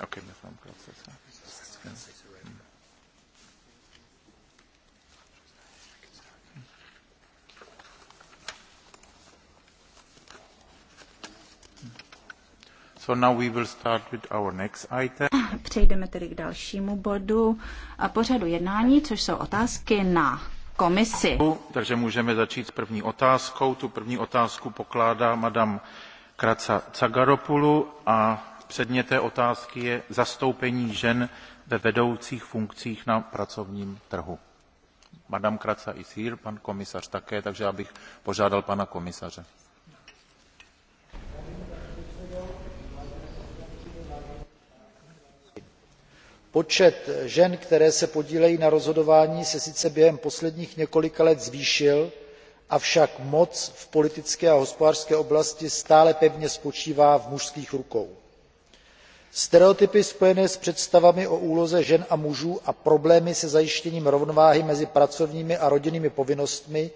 Okay, my from process. So now we will start with our next item. Přejdeme tedy k dalšímu bodu a pořadu jednání, což jsou otázky na komisi. Takže můžeme začít s první otázkou. Tu první otázku pokládá madam Kraca Cagaropulu a Předmět té otázky je zastoupení žen ve vedoucích funkcích na pracovním trhu. Madame Kratza is here, pan komisař také, takže já bych požádal pana komisaře. počet žen které se podílejí na rozhodování se sice během posledních několika let zvýšil avšak moc v politické a hospodářské oblasti stále pevně spočívá v mužských rukou stereotypy spojené s představami o úloze žen a mužů a problémy se zajištěním rovnováhy mezi pracovními a rodinnými povinnostmi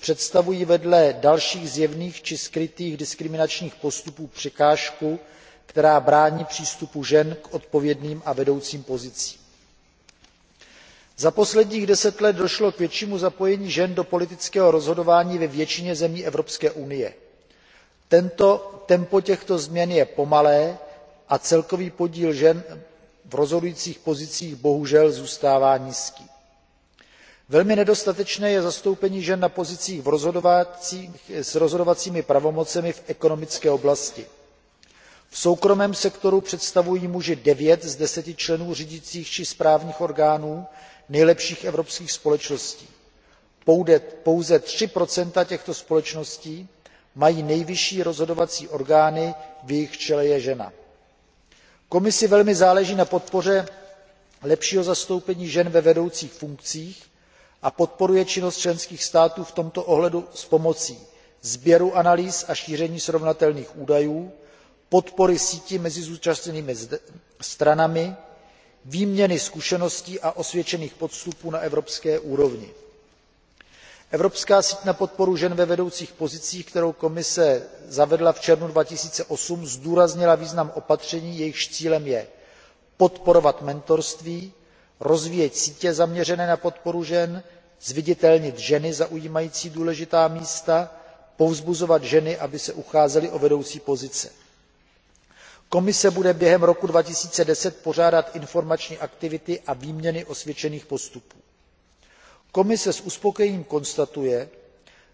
představují vedle dalších zjevných či skrytých diskriminačních postupů překážku která brání přístupu žen k odpovědným a vedoucím pozicím. za posledních deset let došlo k většímu zapojení žen do politického rozhodování ve většině zemí evropské unie. tempo těchto změn je pomalé a celkový podíl žen v rozhodujících pozicích bohužel zůstává nízký. velmi nedostatečné je zastoupení žen na pozicích s rozhodovacími pravomocemi v ekonomické oblasti. v soukromém sektoru představují muži nine z ten členů řídících či správních orgánů nejlepších evropských společností. pouze three těchto společností mají nejvyšší rozhodovací orgány v jejichž čele je žena komisi velmi záleží na podpoře lepšího zastoupení žen ve vedoucích funkcích a podporuje činnost členských států v tomto ohledu s pomocí sběru analýz a šíření srovnatelných údajů podpory sítí mezi zúčastněnými stranami výměny zkušeností a osvědčených postupů na evropské úrovni evropská síť na podporu žen ve vedoucích pozicích kterou komise zavedla v červnu two thousand and eight zdůraznila význam opatření jejichž cílem je podporovat mentorství rozvíjet sítě zaměřené na podporu žen zviditelnit ženy zaujímající důležitá místa povzbuzovat ženy aby se ucházely o vedoucí pozice. komise bude během roku two thousand and ten pořádat informační aktivity a výměny osvědčených postupů komise s uspokojením konstatuje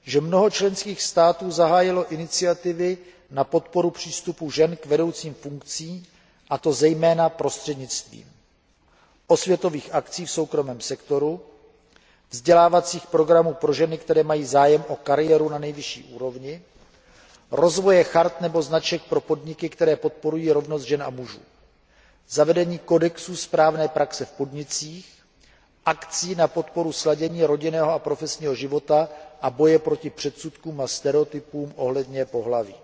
že mnoho členských států zahájilo iniciativy na podporu přístupu žen k vedoucím funkcím a to zejména prostřednictvím osvětových akcí v soukromém sektoru vzdělávacích programů pro ženy které mají zájem o kariéru na nejvyšší úrovni rozvoje chart nebo značek pro podniky které podporují rovnost žen a mužů zavedení kodexu správné praxe v podnicích akcí na podporu sladění rodinného a profesního života a boje proti předsudkům a stereotypům ohledně pohlaví.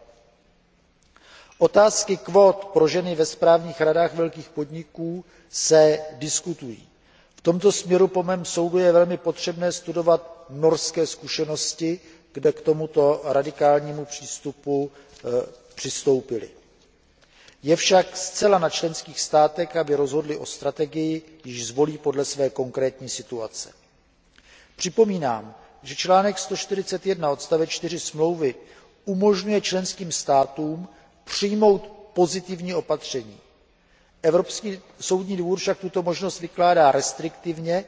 otázky kvót pro ženy ve správních radách velkých podniků se diskutují. v tomto směru po mém soudu je velmi potřebné studovat norské zkušenosti kde k tomuto radikálnímu přístupu eh, přistoupili je však zcela na členských státech aby rozhodly o strategii již zvolí podle své konkrétní situace. připomínám že článek one hundred and forty one odst. four smlouvy umožňuje členským státům přijmout pozitivní opatření. evropský soudní dvůr však tuto možnost vykládá restriktivně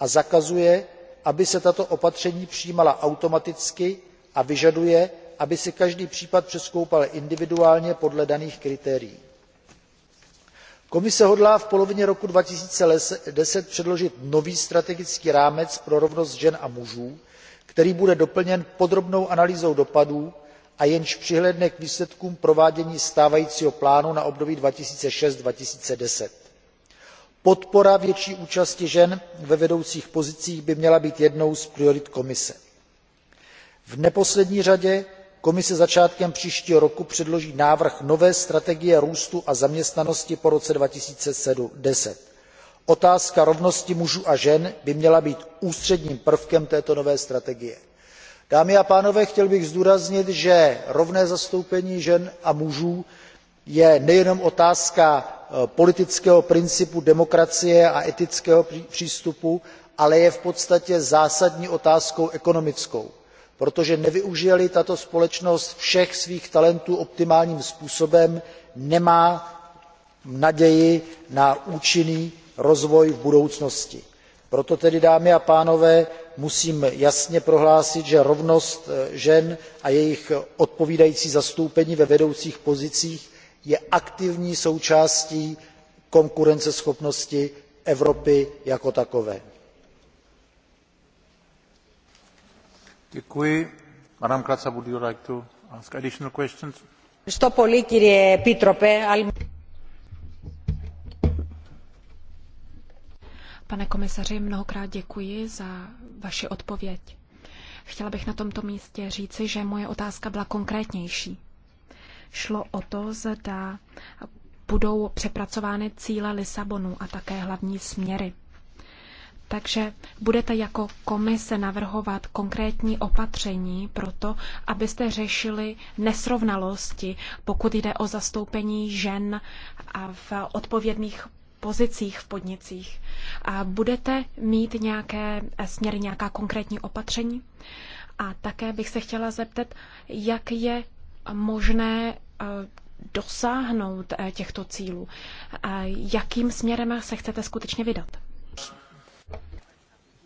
a zakazuje aby se tato opatření přijímala automaticky a vyžaduje aby si každý případ přezkoumal individuálně podle daných kritérií. komise hodlá v polovině roku two thousand and ten předložit nový strategický rámec pro rovnost žen a mužů který bude doplněn podrobnou analýzou dopadů a jenž přihlédne k výsledkům provádění stávajícího plánu na období two thousand and six two thousand and ten podpora větší účasti žen ve vedoucích pozicích by měla být jednou z priorit komise. v neposlední řadě komise začátkem příštího roku předloží návrh nové strategie růstu a zaměstnanosti po roce. two thousand and ten otázka rovnosti mužů a žen by měla být ústředním prvkem této nové strategie. dámy a pánové chtěl bych zdůraznit že rovné zastoupení žen a mužů je nejenom otázka eh, politického principu demokracie a etického přístupu ale je v podstatě zásadní otázkou ekonomickou protože nevyužije li tato společnost všech svých talentů optimálním způsobem nemá naději na účinný rozvoj v budoucnosti. proto tedy dámy a pánové musím jasně prohlásit že rovnost eh, žen a jejich odpovídající zastoupení ve vedoucích pozicích je aktivní součástí konkurenceschopnosti evropy jako takové. Pane komisaři, mnohokrát děkuji za vaši odpověď. Chtěla bych na tomto místě říci, že moje otázka byla konkrétnější. Šlo o to, zda budou přepracovány cíle Lisabonu a také hlavní směry. Takže budete jako komise navrhovat konkrétní opatření pro to, abyste řešili nesrovnalosti, pokud jde o zastoupení žen a v odpovědných pozicích v podnicích. A budete mít nějaké eh, směry, nějaká konkrétní opatření? A také bych se chtěla zeptat, jak je možné eh, dosáhnout eh, těchto cílů? A jakým směrem se chcete skutečně vydat?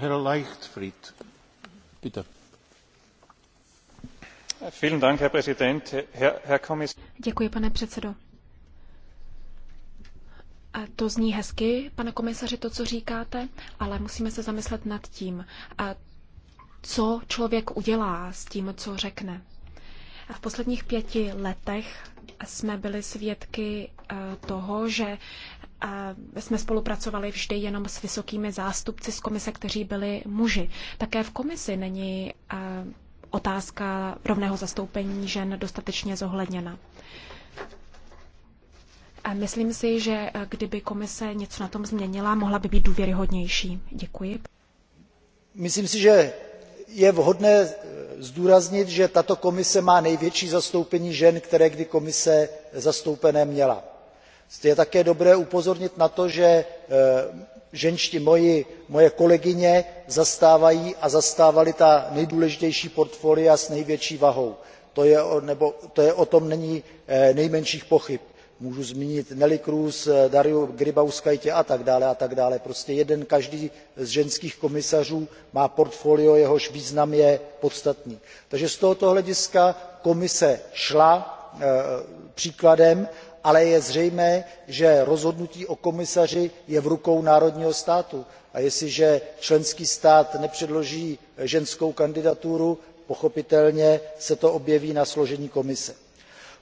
Herr Děkuji, pane předsedo. to zní hezky, pane komisaři, to, co říkáte, ale musíme se zamyslet nad tím, co člověk udělá s tím, co řekne. v posledních pěti letech jsme byli svědky eh, toho, že jsme spolupracovali vždy jenom s vysokými zástupci z komise, kteří byli muži. Také v komisi není otázka rovného zastoupení žen dostatečně zohledněna. Myslím si, že kdyby komise něco na tom změnila, mohla by být důvěryhodnější. Děkuji. Myslím si, že je vhodné e, zdůraznit, že tato komise má největší zastoupení žen, které kdy komise zastoupené měla je také dobré upozornit na to že eh, ženští moje kolegyně zastávají a zastávaly ta nejdůležitější portfolia s největší vahou to o tom není eh, nejmenších pochyb. můžu zmínit neelie eh, kroesovou dariu grybauskaitě a tak dále a tak dále. prostě jeden každý z ženských komisařů má portfolio jehož význam je podstatný. takže z tohoto hlediska komise šla příkladem ale je zřejmé že rozhodnutí o komisaři je v rukou národního státu a jestliže členský stát nepředloží ženskou kandidaturu pochopitelně se to objeví na složení komise.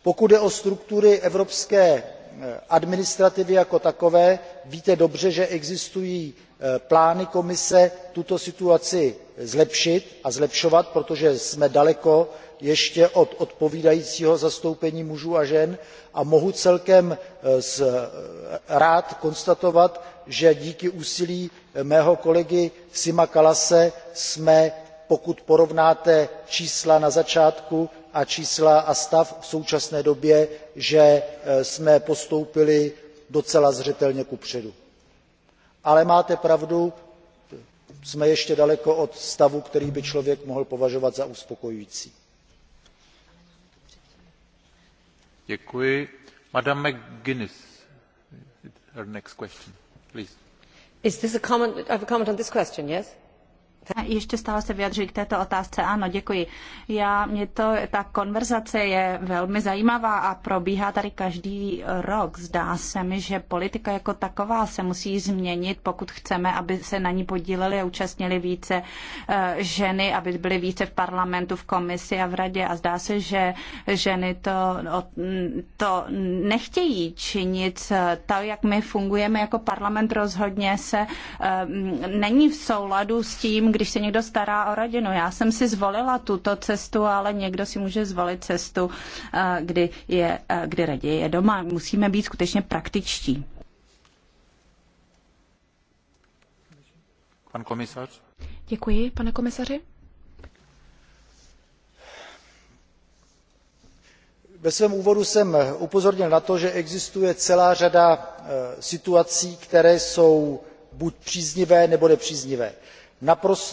pokud jde o struktury evropské eh, administrativy jako takové víte dobře že existují eh, plány komise tuto situaci zlepšit a zlepšovat protože jsme daleko ještě od odpovídajícího zastoupení mužů a žen a mohu celkem e, e, rád konstatovat že díky úsilí e, mého kolegy sima kallase jsme pokud porovnáte čísla na začátku a stav v současné době postoupili docela zřetelně kupředu. ale máte pravdu jsme ještě daleko od stavu který by člověk mohl považovat za uspokojující. Děkuji. Madame McGuinness, her next question, please. Is this a comment, I have a comment on this question, yes? Ještě stále se vyjadřuji k této otázce. Ano, děkuji. Já, mě to, ta konverzace je velmi zajímavá a probíhá tady každý rok. Zdá se mi, že politika jako taková se musí změnit, pokud chceme, aby se na ní podíleli a účastnili více eh, ženy, aby byly více v parlamentu, v komisi a v radě. A zdá se, že ženy to, to nechtějí činit. To, jak my fungujeme jako parlament, rozhodně se eh, není v souladu s tím, když se někdo stará o rodinu. Já jsem si zvolila tuto cestu, ale někdo si může zvolit cestu, eh, kdy, je, eh, kdy raději je doma. Musíme být skutečně praktičtí. Pan komisař? Děkuji, pane komisaři. ve svém úvodu jsem upozornil na to že existuje celá řada eh, situací které jsou buď příznivé nebo nepříznivé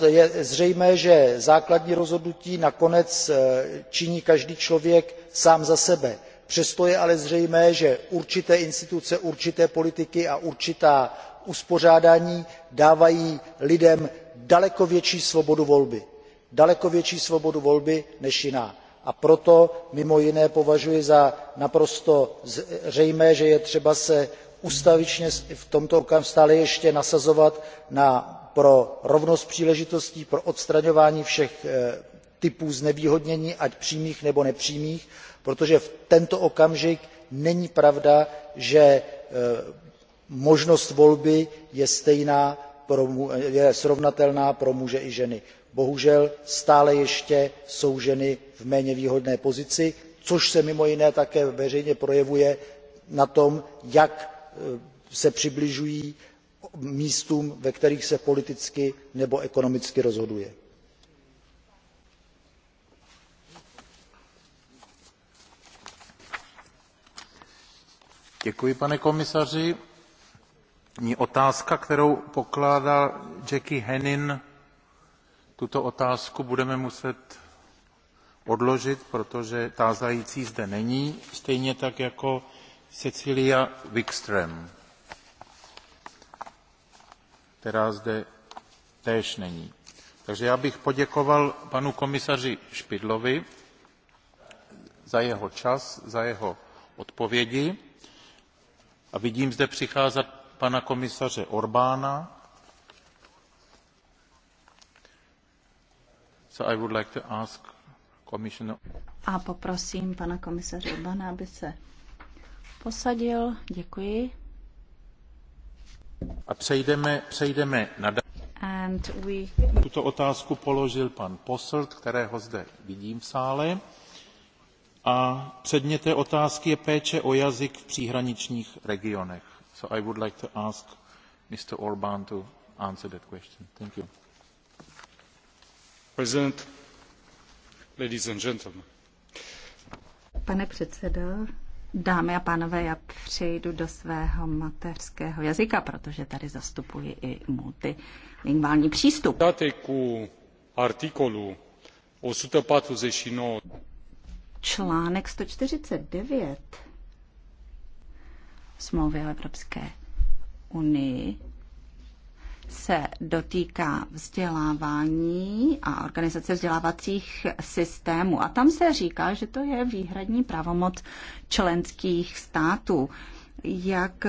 je zřejmé že základní rozhodnutí nakonec eh, činí každý člověk sám za sebe přesto je ale zřejmé že určité instituce určité politiky a určitá uspořádání dávají lidem daleko větší svobodu volby daleko větší svobodu volby než jiná a proto mimo jiné považuji za naprosto zřejmé že je třeba se ustavičně v tomto okamžiku stále ještě nasazovat na pro rovnost příležitostí pro odstraňování všech eh, typů znevýhodnění ať přímých nebo nepřímých protože v tento okamžik není pravda že eh, možnost volby je srovnatelná pro muže i ženy. bohužel stále ještě jsou ženy v méně výhodné pozici což se mimo jiné také veřejně projevuje na tom jak eh, se přibližují místům ve kterých se politicky nebo ekonomicky rozhoduje. Děkuji, pane komisaři. Otázka, kterou pokládá Jackie Henin, tuto otázku budeme muset odložit, protože tázající zde není, stejně tak jako Cecilia wikstrmová která zde též není. Takže já bych poděkoval panu komisaři Špidlovi za jeho čas, za jeho odpovědi. A vidím zde přicházet pana komisaře Orbána. So I would like to ask commissioner... A poprosím pana komisaře Orbána, aby se posadil. Děkuji. A přejdeme, přejdeme na And Tuto otázku položil pan Posselt, kterého zde vidím v sále. A předmět té otázky je péče o jazyk v příhraničních regionech. So I would like to ask Mr. Orbán to answer that question. Thank you. President, ladies and gentlemen. Pane předsedo, Dámy a pánové, já přejdu do svého mateřského jazyka, protože tady zastupuji i multilingvální přístup. Date ku artikolu 149. Článek 149 smlouvy o Evropské unii se dotýká vzdělávání a organizace vzdělávacích systémů. A tam se říká, že to je výhradní pravomoc členských států. Jak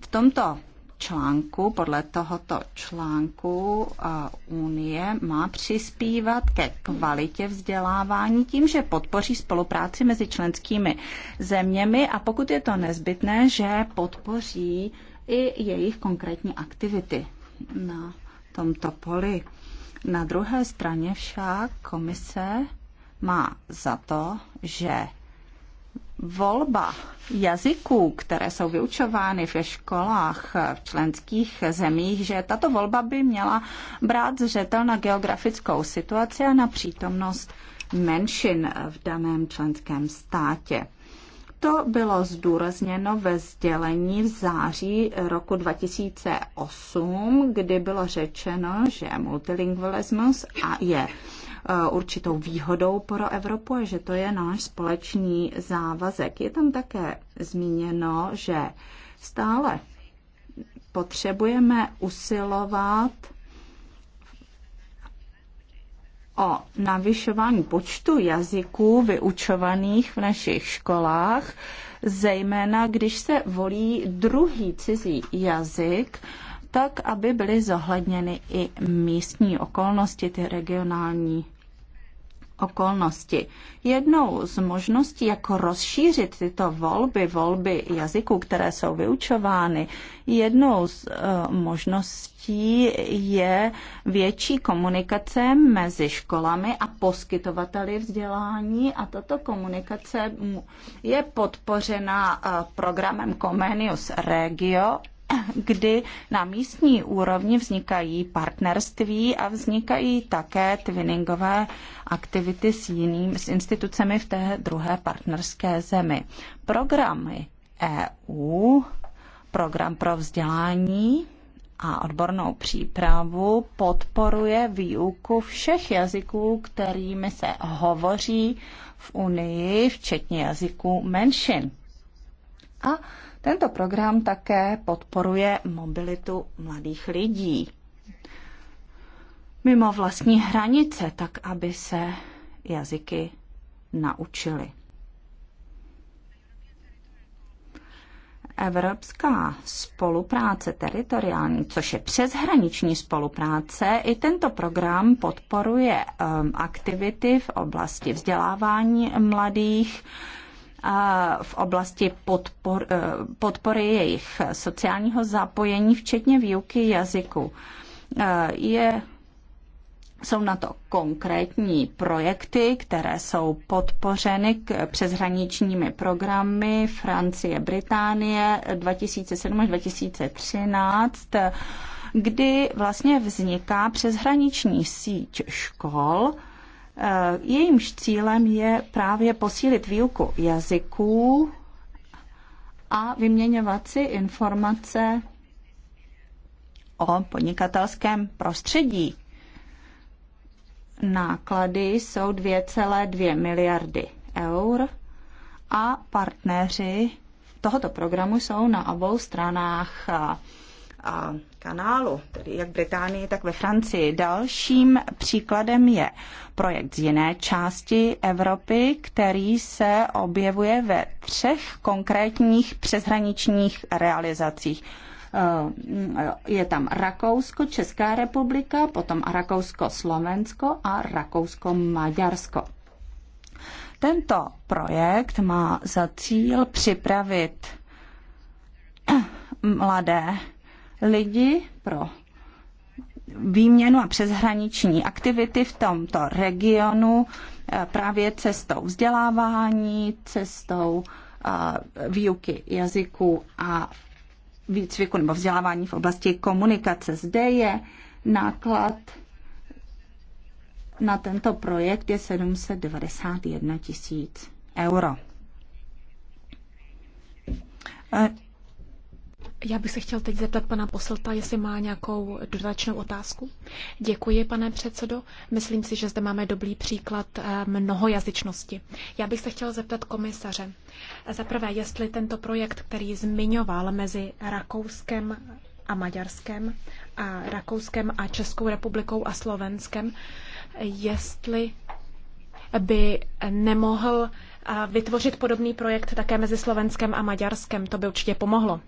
v tomto článku, podle tohoto článku eh, Unie má přispívat ke kvalitě vzdělávání tím, že podpoří spolupráci mezi členskými zeměmi a pokud je to nezbytné, že podpoří i jejich konkrétní aktivity na tomto poli. Na druhé straně však komise má za to, že volba jazyků, které jsou vyučovány ve školách v členských zemích, že tato volba by měla brát zřetel na geografickou situaci a na přítomnost menšin v daném členském státě. To bylo zdůrazněno ve sdělení v září roku 2008, kdy bylo řečeno, že multilingualismus je e, určitou výhodou pro Evropu a že to je náš společný závazek. Je tam také zmíněno, že stále potřebujeme usilovat o navyšování počtu jazyků vyučovaných v našich školách, zejména když se volí druhý cizí jazyk, tak aby byly zohledněny i místní okolnosti, ty regionální okolnosti. Jednou z možností, jak rozšířit tyto volby, volby jazyků, které jsou vyučovány, jednou z e, možností je větší komunikace mezi školami a poskytovateli vzdělání a tato komunikace je podpořena e, programem Comenius Regio kdy na místní úrovni vznikají partnerství a vznikají také twinningové aktivity s jinými s institucemi v té druhé partnerské zemi. Programy EU, program pro vzdělání a odbornou přípravu podporuje výuku všech jazyků, kterými se hovoří v Unii, včetně jazyků menšin. A tento program také podporuje mobilitu mladých lidí mimo vlastní hranice, tak aby se jazyky naučili. Evropská spolupráce teritoriální, což je přeshraniční spolupráce, i tento program podporuje um, aktivity v oblasti vzdělávání mladých, v oblasti podpor, eh, podpory jejich sociálního zapojení, včetně výuky jazyku. Eh, je jsou na to konkrétní projekty, které jsou podpořeny k přeshraničními programy Francie, Británie 2007 až 2013, kdy vlastně vzniká přeshraniční síť škol, Eh, jejímž cílem je právě posílit výuku jazyků a vyměňovat si informace o podnikatelském prostředí. Náklady jsou 2,2 miliardy eur a partneři tohoto programu jsou na obou stranách a, eh, a eh, kanálu, tedy jak v Británii, tak ve Francii. Dalším příkladem je projekt z jiné části Evropy, který se objevuje ve třech konkrétních přeshraničních realizacích. Eh, je tam Rakousko, Česká republika, potom Rakousko-Slovensko a Rakousko-Maďarsko. Tento projekt má za cíl připravit mladé lidi pro výměnu a přeshraniční aktivity v tomto regionu eh, právě cestou vzdělávání, cestou eh, výuky jazyků a výcviku nebo vzdělávání v oblasti komunikace. Zde je náklad na tento projekt je 791 tisíc euro. Eh, já bych se chtěl teď zeptat pana poselta, jestli má nějakou dodatečnou otázku. Děkuji, pane předsedo. Myslím si, že zde máme dobrý příklad eh, mnohojazyčnosti. Já bych se chtěl zeptat komisaře. Za prvé, jestli tento projekt, který zmiňoval mezi Rakouskem a Maďarskem a Rakouskem a Českou republikou a Slovenskem, jestli by nemohl vytvořit podobný projekt také mezi Slovenskem a Maďarskem. To by určitě pomohlo.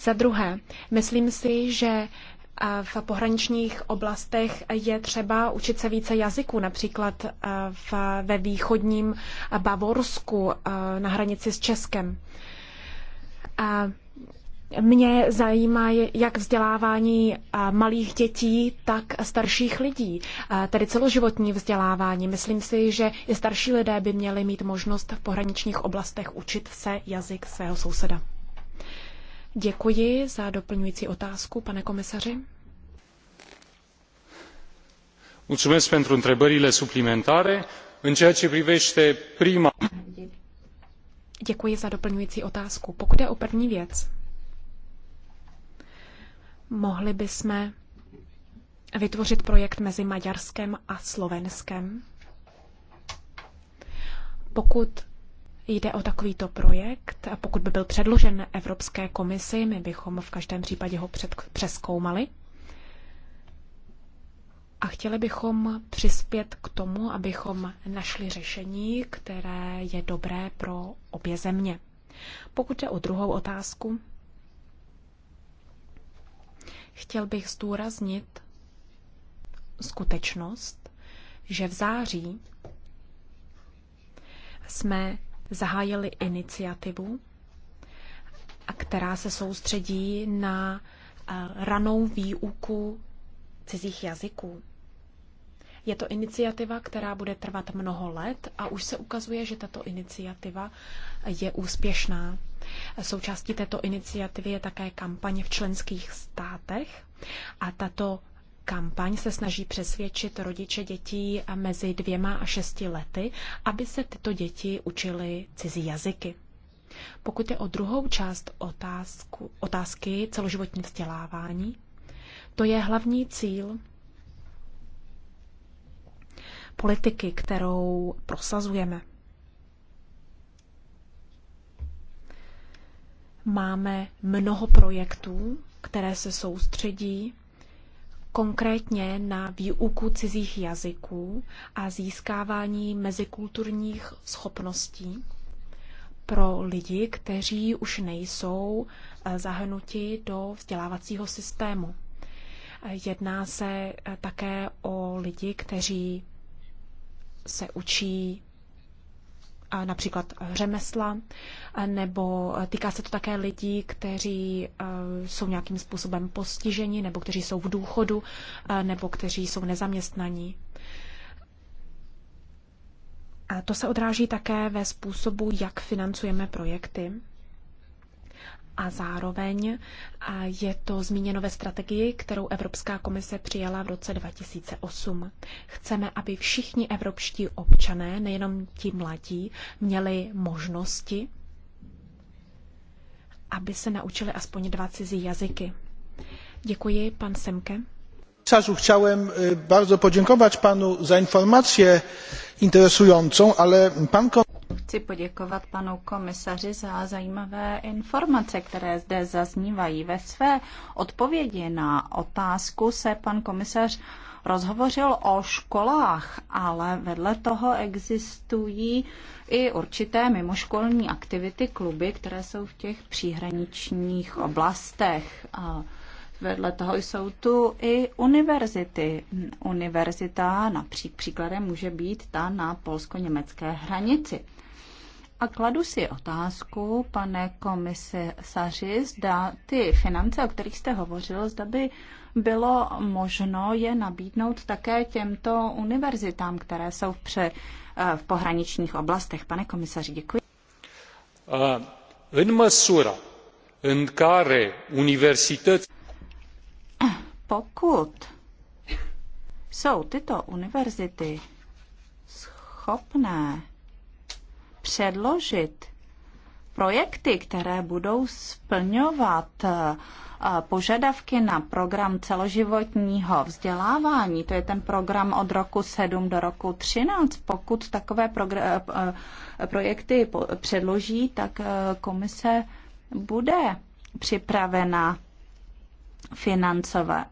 Za druhé, myslím si, že v pohraničních oblastech je třeba učit se více jazyků, například v, ve východním Bavorsku na hranici s Českem. A mě zajímá jak vzdělávání malých dětí, tak starších lidí, tedy celoživotní vzdělávání. Myslím si, že i starší lidé by měli mít možnost v pohraničních oblastech učit se jazyk svého souseda. Děkuji za doplňující otázku, pane komisaři. Mulțumesc pentru întrebările suplimentare. În ceea ce privește prima... Děkuji za doplňující otázku. Pokud je o první věc, Mohli bychom vytvořit projekt mezi Maďarskem a Slovenskem. Pokud jde o takovýto projekt a pokud by byl předložen Evropské komisi, my bychom v každém případě ho před, přeskoumali. A chtěli bychom přispět k tomu, abychom našli řešení, které je dobré pro obě země. Pokud je o druhou otázku, Chtěl bych zdůraznit skutečnost, že v září jsme zahájili iniciativu, která se soustředí na eh, ranou výuku cizích jazyků. Je to iniciativa, která bude trvat mnoho let a už se ukazuje, že tato iniciativa je úspěšná. Součástí této iniciativy je také kampaně v členských státech a tato kampaň se snaží přesvědčit rodiče dětí mezi dvěma a šesti lety, aby se tyto děti učily cizí jazyky. Pokud je o druhou část otázku, otázky celoživotní vzdělávání, to je hlavní cíl politiky, kterou prosazujeme. Máme mnoho projektů, které se soustředí konkrétně na výuku cizích jazyků a získávání mezikulturních schopností pro lidi, kteří už nejsou eh, zahrnuti do vzdělávacího systému. Jedná se eh, také o lidi, kteří se učí například řemesla, nebo týká se to také lidí, kteří eh, jsou nějakým způsobem postiženi, nebo kteří jsou v důchodu, eh, nebo kteří jsou nezaměstnaní. A to se odráží také ve způsobu, jak financujeme projekty a zároveň je to zmíněno ve strategii, kterou Evropská komise přijala v roce 2008. Chceme, aby všichni evropští občané, nejenom ti mladí, měli možnosti, aby se naučili aspoň dva cizí jazyky. Děkuji, pan Semke. Czasu chciałem bardzo podziękować panu za informację interesującą, ale pan Chci poděkovat panu komisaři za zajímavé informace, které zde zaznívají. Ve své odpovědi na otázku se pan komisař rozhovořil o školách, ale vedle toho existují i určité mimoškolní aktivity, kluby, které jsou v těch příhraničních oblastech. Vedle toho jsou tu i univerzity. Univerzita například může být ta na polsko-německé hranici. A kladu si otázku, pane komisaři, zda ty finance, o kterých jste hovořil, zda by bylo možno je nabídnout také těmto univerzitám, které jsou v, pře, eh, v pohraničních oblastech. Pane komisaři, děkuji. În măsura în care universități... Pokud jsou tyto univerzity schopné předložit projekty, které budou splňovat eh, požadavky na program celoživotního vzdělávání, to je ten program od roku 7 do roku 13, pokud takové eh, eh, projekty předloží, tak komise bude připravena financovat.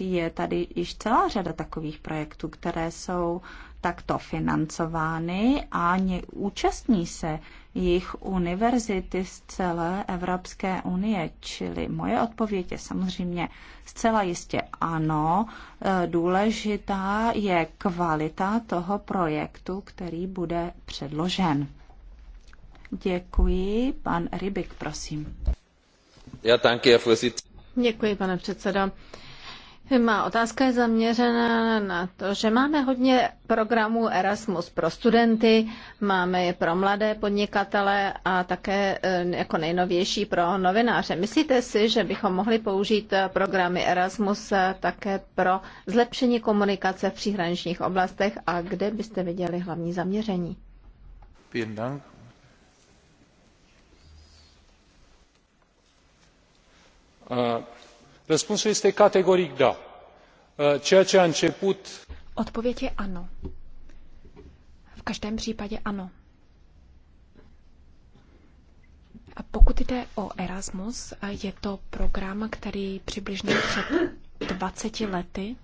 Je tady již celá řada takových projektů, které jsou takto financovány a účastní se jejich univerzity z celé Evropské unie. Čili moje odpověď je samozřejmě zcela jistě ano. E, důležitá je kvalita toho projektu, který bude předložen. Děkuji. Pan Rybik, prosím. Já Děkuji, pane předsedo. Má otázka je zaměřena na to, že máme hodně programů Erasmus pro studenty, máme je pro mladé podnikatele a také eh, jako nejnovější pro novináře. Myslíte si, že bychom mohli použít eh, programy Erasmus eh, také pro zlepšení komunikace v příhraničních oblastech a kde byste viděli hlavní zaměření? Vielen Uh răspunsul este categoric da. E, ceea ce a început. odpověď je ano. v každém případě ano. A pokud jde o Erasmus, je to program, který přibližně před 20 lety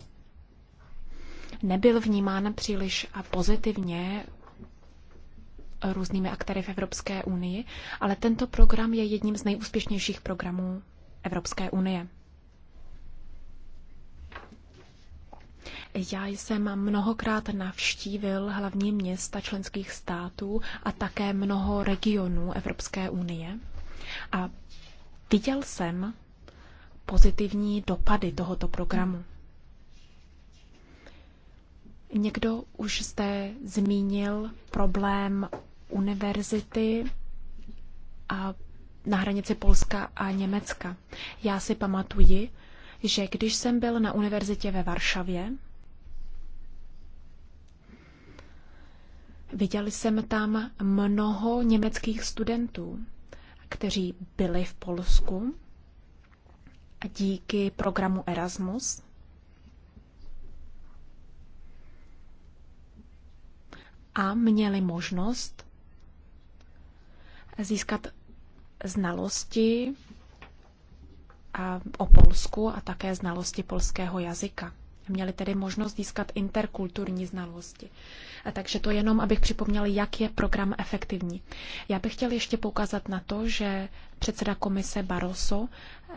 nebyl vnímán příliš pozitivně různými aktéry v Evropské unii, ale tento program je jedním z nejúspěšnějších programů Evropské unie. Já jsem mnohokrát navštívil hlavní města členských států a také mnoho regionů Evropské unie a viděl jsem pozitivní dopady tohoto programu. Někdo už zde zmínil problém univerzity a na hranici Polska a Německa. Já si pamatuji, že když jsem byl na univerzitě ve Varšavě, viděl jsem tam mnoho německých studentů, kteří byli v Polsku a díky programu Erasmus. A měli možnost získat znalosti a o Polsku a také znalosti polského jazyka. Měli tedy možnost získat interkulturní znalosti. A takže to jenom, abych připomněl, jak je program efektivní. Já bych chtěl ještě poukázat na to, že předseda komise Barroso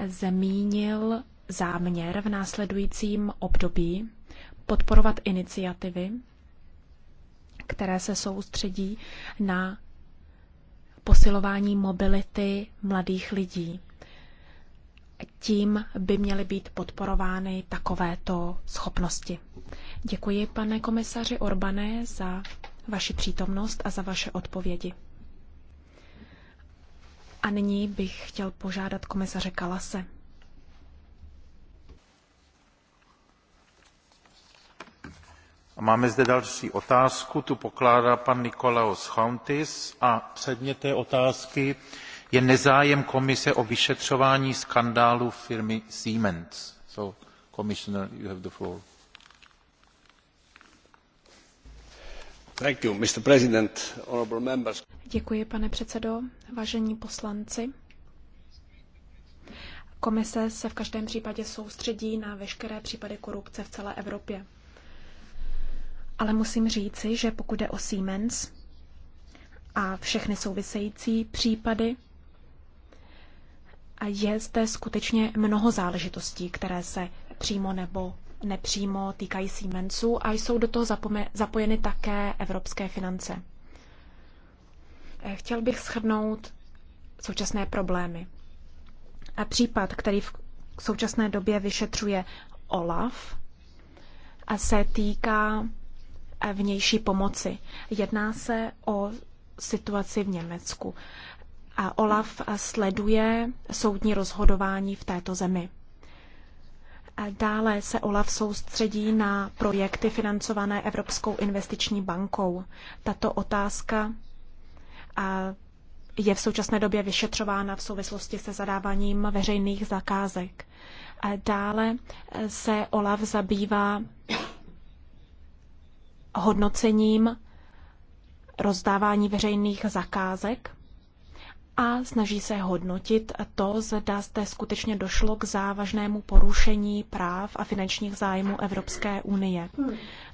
zmínil záměr v následujícím období podporovat iniciativy, které se soustředí na posilování mobility mladých lidí tím by měly být podporovány takovéto schopnosti. Děkuji, pane komisaři Orbane, za vaši přítomnost a za vaše odpovědi. A nyní bych chtěl požádat komisaře Kalase. A máme zde další otázku, tu pokládá pan Nikolaos Chauntis a předmět té otázky je nezájem komise o vyšetřování skandálu firmy Siemens. So, Commissioner, you have the floor. Thank you, Mr. President, honorable members. Děkuji, pane předsedo, vážení poslanci. Komise se v každém případě soustředí na veškeré případy korupce v celé Evropě. Ale musím říci, že pokud jde o Siemens a všechny související případy, je zde skutečně mnoho záležitostí, které se přímo nebo nepřímo týkají Siemensu a jsou do toho zapojeny také evropské finance. Eh, chtěl bych shrnout současné problémy. A případ, který v současné době vyšetřuje OLAF, a se týká eh, vnější pomoci. Jedná se o situaci v Německu. A Olaf sleduje soudní rozhodování v této zemi. Dále se OLAF soustředí na projekty financované Evropskou investiční bankou. Tato otázka je v současné době vyšetřována v souvislosti se zadáváním veřejných zakázek. Dále se OLAF zabývá hodnocením rozdávání veřejných zakázek a snaží se hodnotit to, zda zde skutečně došlo k závažnému porušení práv a finančních zájmů Evropské unie.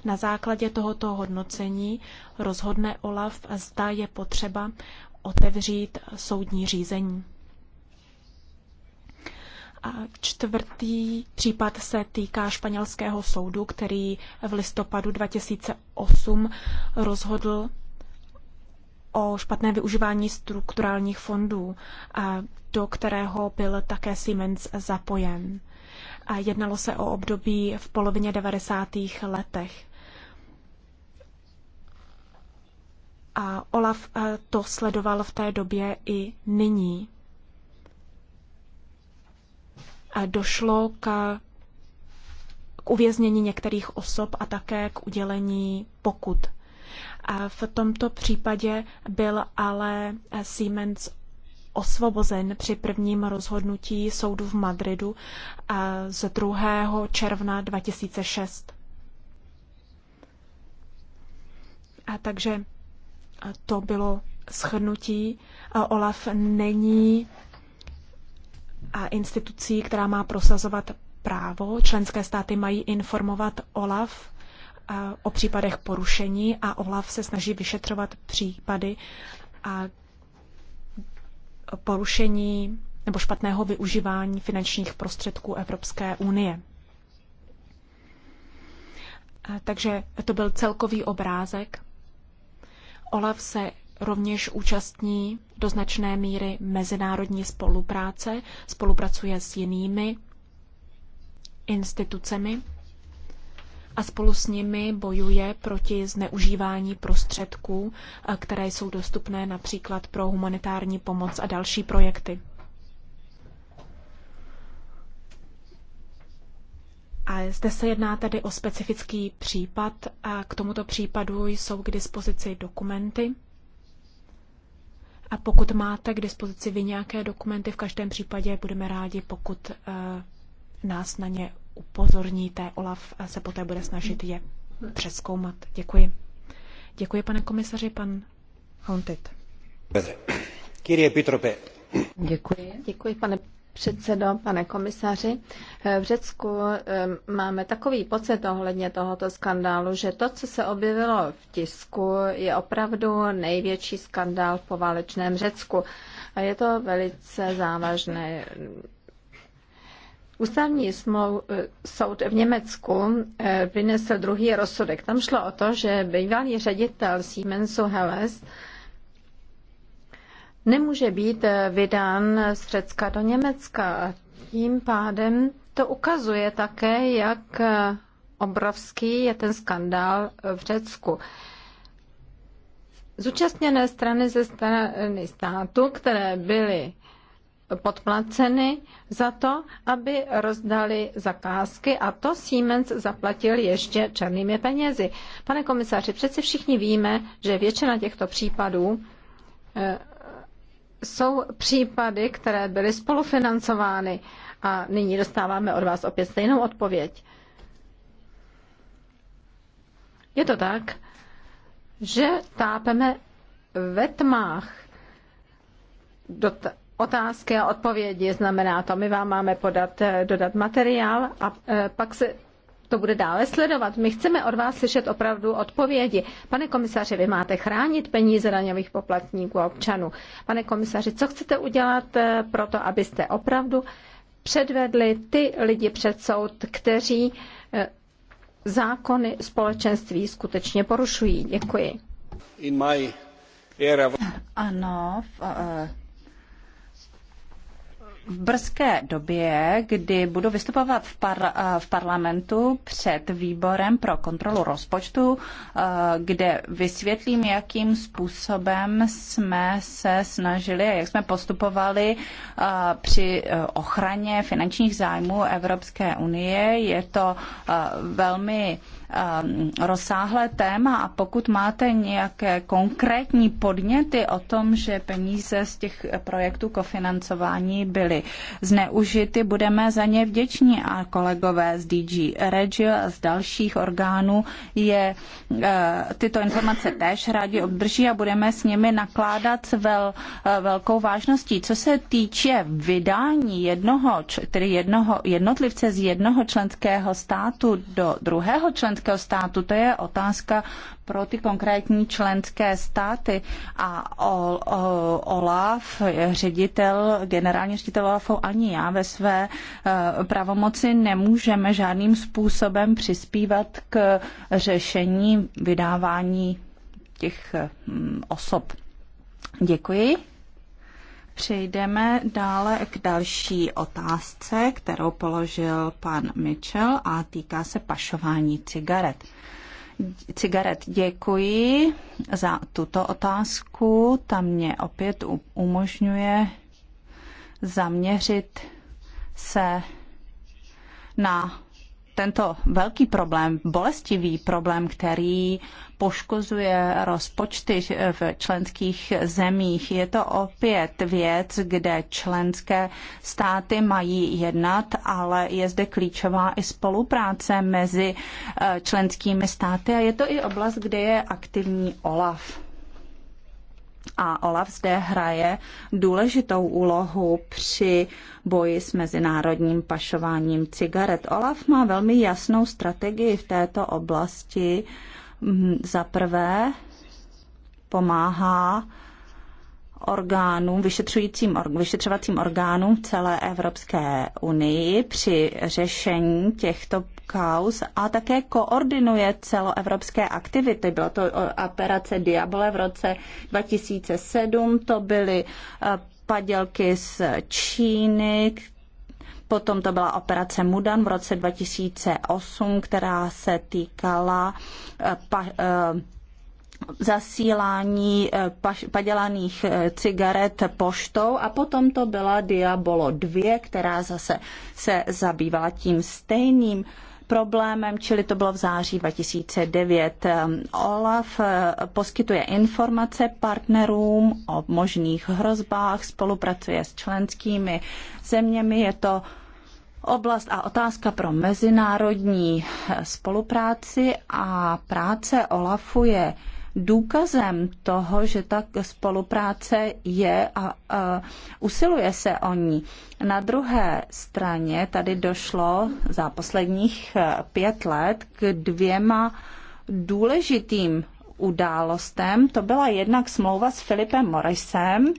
Na základě tohoto hodnocení rozhodne OLAF, zda je potřeba otevřít soudní řízení. A čtvrtý případ se týká španělského soudu, který v listopadu 2008 rozhodl o špatné využívání strukturálních fondů, do kterého byl také Siemens zapojen. Jednalo se o období v polovině 90. letech. A Olaf eh, to sledoval v té době i nyní. A došlo k, k uvěznění některých osob a také k udělení pokut v tomto případě byl ale eh, Siemens osvobozen při prvním rozhodnutí soudu v Madridu eh, z 2. června 2006. A takže eh, to bylo schrnutí. OLAF není institucí, která má prosazovat právo. Členské státy mají informovat OLAF o případech porušení a OLAF se snaží vyšetřovat případy a porušení nebo špatného využívání finančních prostředků Evropské unie. Takže to byl celkový obrázek. OLAF se rovněž účastní do značné míry mezinárodní spolupráce, spolupracuje s jinými institucemi a spolu s nimi bojuje proti zneužívání prostředků, eh, které jsou dostupné například pro humanitární pomoc a další projekty. A zde se jedná tedy o specifický případ a k tomuto případu jsou k dispozici dokumenty. A pokud máte k dispozici vy nějaké dokumenty, v každém případě budeme rádi, pokud eh, nás na ně upozorníte, Olaf se poté bude snažit je přeskoumat. Děkuji. Děkuji, pane komisaři, pan Hontit. Děkuji. Děkuji, pane předsedo, pane komisaři. V Řecku máme takový pocit ohledně tohoto skandálu, že to, co se objevilo v tisku, je opravdu největší skandál v poválečném Řecku. A je to velice závažné. Ústavní soud v Německu eh, vynesl druhý rozsudek. Tam šlo o to, že bývalý ředitel Siemensu Helles nemůže být eh, vydán z Řecka do Německa. Tím pádem to ukazuje také, jak eh, obrovský je ten skandál v Řecku. Zúčastněné strany ze strany státu, které byly podplaceny za to, aby rozdali zakázky a to Siemens zaplatil ještě černými penězi. Pane komisaři, přece všichni víme, že většina těchto případů eh, jsou případy, které byly spolufinancovány a nyní dostáváme od vás opět stejnou odpověď. Je to tak, že tápeme ve tmách otázky a odpovědi. Znamená to, my vám máme podat, eh, dodat materiál a eh, pak se to bude dále sledovat. My chceme od vás slyšet opravdu odpovědi. Pane komisaři, vy máte chránit peníze daňových poplatníků a občanů. Pane komisaři, co chcete udělat eh, pro to, abyste opravdu předvedli ty lidi před soud, kteří zákony společenství skutečně porušují? Děkuji. Ano, v v brzké době, kdy budu vystupovat v, par, eh, v parlamentu před výborem pro kontrolu rozpočtu, eh, kde vysvětlím, jakým způsobem jsme se snažili a jak jsme postupovali eh, při ochraně finančních zájmů Evropské unie. Je to velmi Eh, rozsáhlé téma a pokud máte nějaké konkrétní podněty o tom, že peníze z těch projektů kofinancování byly zneužity, budeme za ně vděční a kolegové z DG Regio a z dalších orgánů je eh, tyto informace též rádi obdrží a budeme s nimi nakládat s vel, eh, velkou vážností. Co se týče vydání jednoho, tedy jednoho jednotlivce z jednoho členského státu do druhého členského členského státu. To je otázka pro ty konkrétní členské státy. A o, o, Olaf, ředitel, generální ředitel Olafu, ani já ve své eh, pravomoci nemůžeme žádným způsobem přispívat k řešení vydávání těch hm, osob. Děkuji. Přejdeme dále k další otázce, kterou položil pan Mitchell a týká se pašování cigaret. Cigaret děkuji za tuto otázku. Ta mě opět umožňuje zaměřit se na tento velký problém, bolestivý problém, který poškozuje rozpočty v členských zemích. Je to opět věc, kde členské státy mají jednat, ale je zde klíčová i spolupráce mezi eh, členskými státy a je to i oblast, kde je aktivní OLAF a OLAF zde hraje důležitou úlohu při boji s mezinárodním pašováním cigaret. OLAF má velmi jasnou strategii v této oblasti. Mm, za prvé pomáhá orgánům, vyšetřujícím, vyšetřovacím orgánům v celé Evropské unii při řešení těchto kaus a také koordinuje celoevropské aktivity. Bylo to operace Diabole v roce 2007, to byly e, padělky z Číny, Potom to byla operace Mudan v roce 2008, která se týkala e, pa, e, zasílání eh, padělaných eh, cigaret poštou a potom to byla Diabolo 2, která zase se zabývala tím stejným problémem, čili to bylo v září 2009. Eh, OLAF poskytuje informace partnerům o možných hrozbách, spolupracuje s členskými zeměmi, je to oblast a otázka pro mezinárodní spolupráci a práce OLAFu je důkazem toho, že ta spolupráce je a, a usiluje se o ní. Na druhé straně tady došlo za posledních e, pět let k dvěma důležitým událostem. To byla jednak smlouva s Filipem Morisem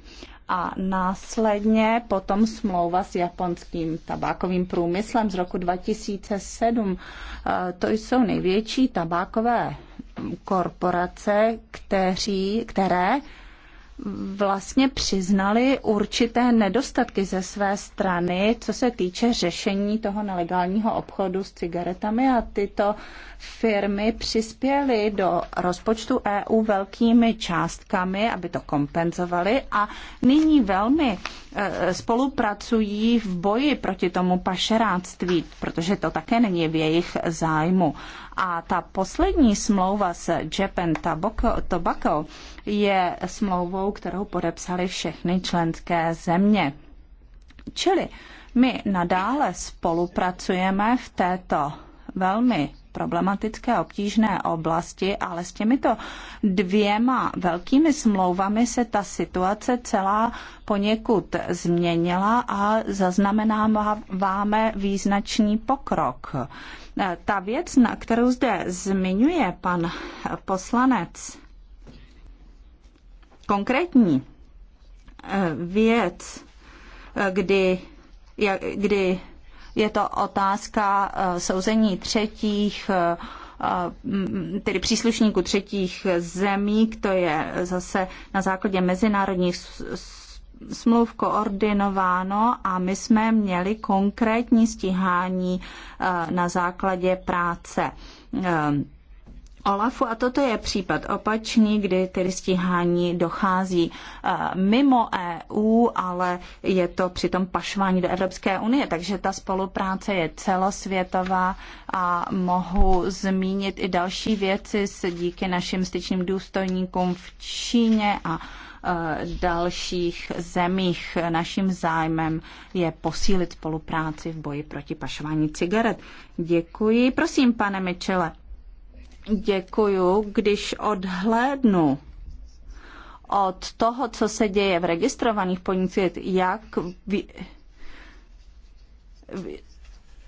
a následně potom smlouva s japonským tabákovým průmyslem z roku 2007. E, to jsou největší tabákové korporace, kteří, které vlastně přiznali určité nedostatky ze své strany, co se týče řešení toho nelegálního obchodu s cigaretami a tyto firmy přispěly do rozpočtu EU velkými částkami, aby to kompenzovaly a nyní velmi e, spolupracují v boji proti tomu pašeráctví, protože to také není v jejich zájmu. A ta poslední smlouva s Japan Tobacco je smlouvou, kterou podepsali všechny členské země. Čili my nadále spolupracujeme v této velmi problematické obtížné oblasti, ale s těmito dvěma velkými smlouvami se ta situace celá poněkud změnila a zaznamenáváme význačný pokrok. Ta věc, na kterou zde zmiňuje pan poslanec, konkrétní eh, věc, eh, kdy, kdy je to otázka eh, souzení třetích tedy příslušníků třetích zemí, to je zase na základě mezinárodních smluv koordinováno a my jsme měli konkrétní stíhání eh, na základě práce. Eh, Olafu a toto je případ opačný, kdy tedy stíhání dochází eh, mimo EU, ale je to přitom pašování do Evropské unie, takže ta spolupráce je celosvětová a mohu zmínit i další věci díky našim styčným důstojníkům v Číně a Eh, dalších zemích. Naším zájmem je posílit spolupráci v boji proti pašování cigaret. Děkuji. Prosím, pane Mičele, Děkuji, když odhlédnu od toho, co se děje v registrovaných podnicích, jak vy, vy,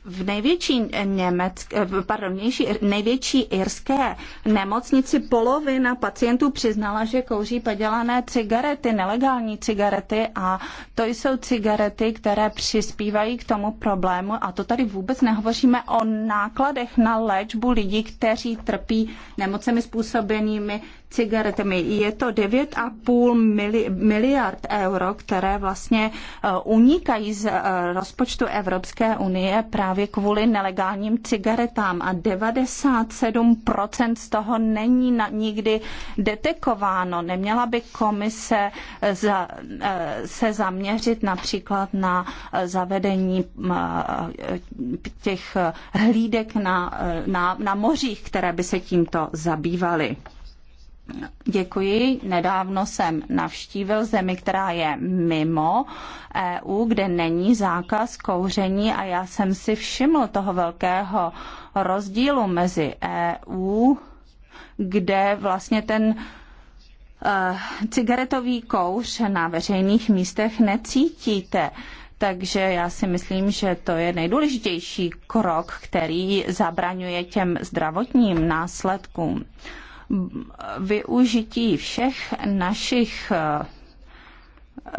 v největší, německ, eh, pardon, největší, největší irské nemocnici polovina pacientů přiznala, že kouří padělané cigarety, nelegální cigarety a to jsou cigarety, které přispívají k tomu problému a to tady vůbec nehovoříme o nákladech na léčbu lidí, kteří trpí nemocemi způsobenými cigaretami. Je to 9,5 miliard euro, které vlastně eh, unikají z eh, rozpočtu Evropské unie právě kvůli nelegálním cigaretám a 97% z toho není na, nikdy detekováno. Neměla by komise eh, za, se zaměřit například na zavedení těch hlídek na, na, na mořích, které by se tímto zabývaly. Děkuji. Nedávno jsem navštívil zemi, která je mimo EU, kde není zákaz kouření a já jsem si všiml toho velkého rozdílu mezi EU, kde vlastně ten e, cigaretový kouř na veřejných místech necítíte. Takže já si myslím, že to je nejdůležitější krok, který zabraňuje těm zdravotním následkům využití všech našich eh, eh,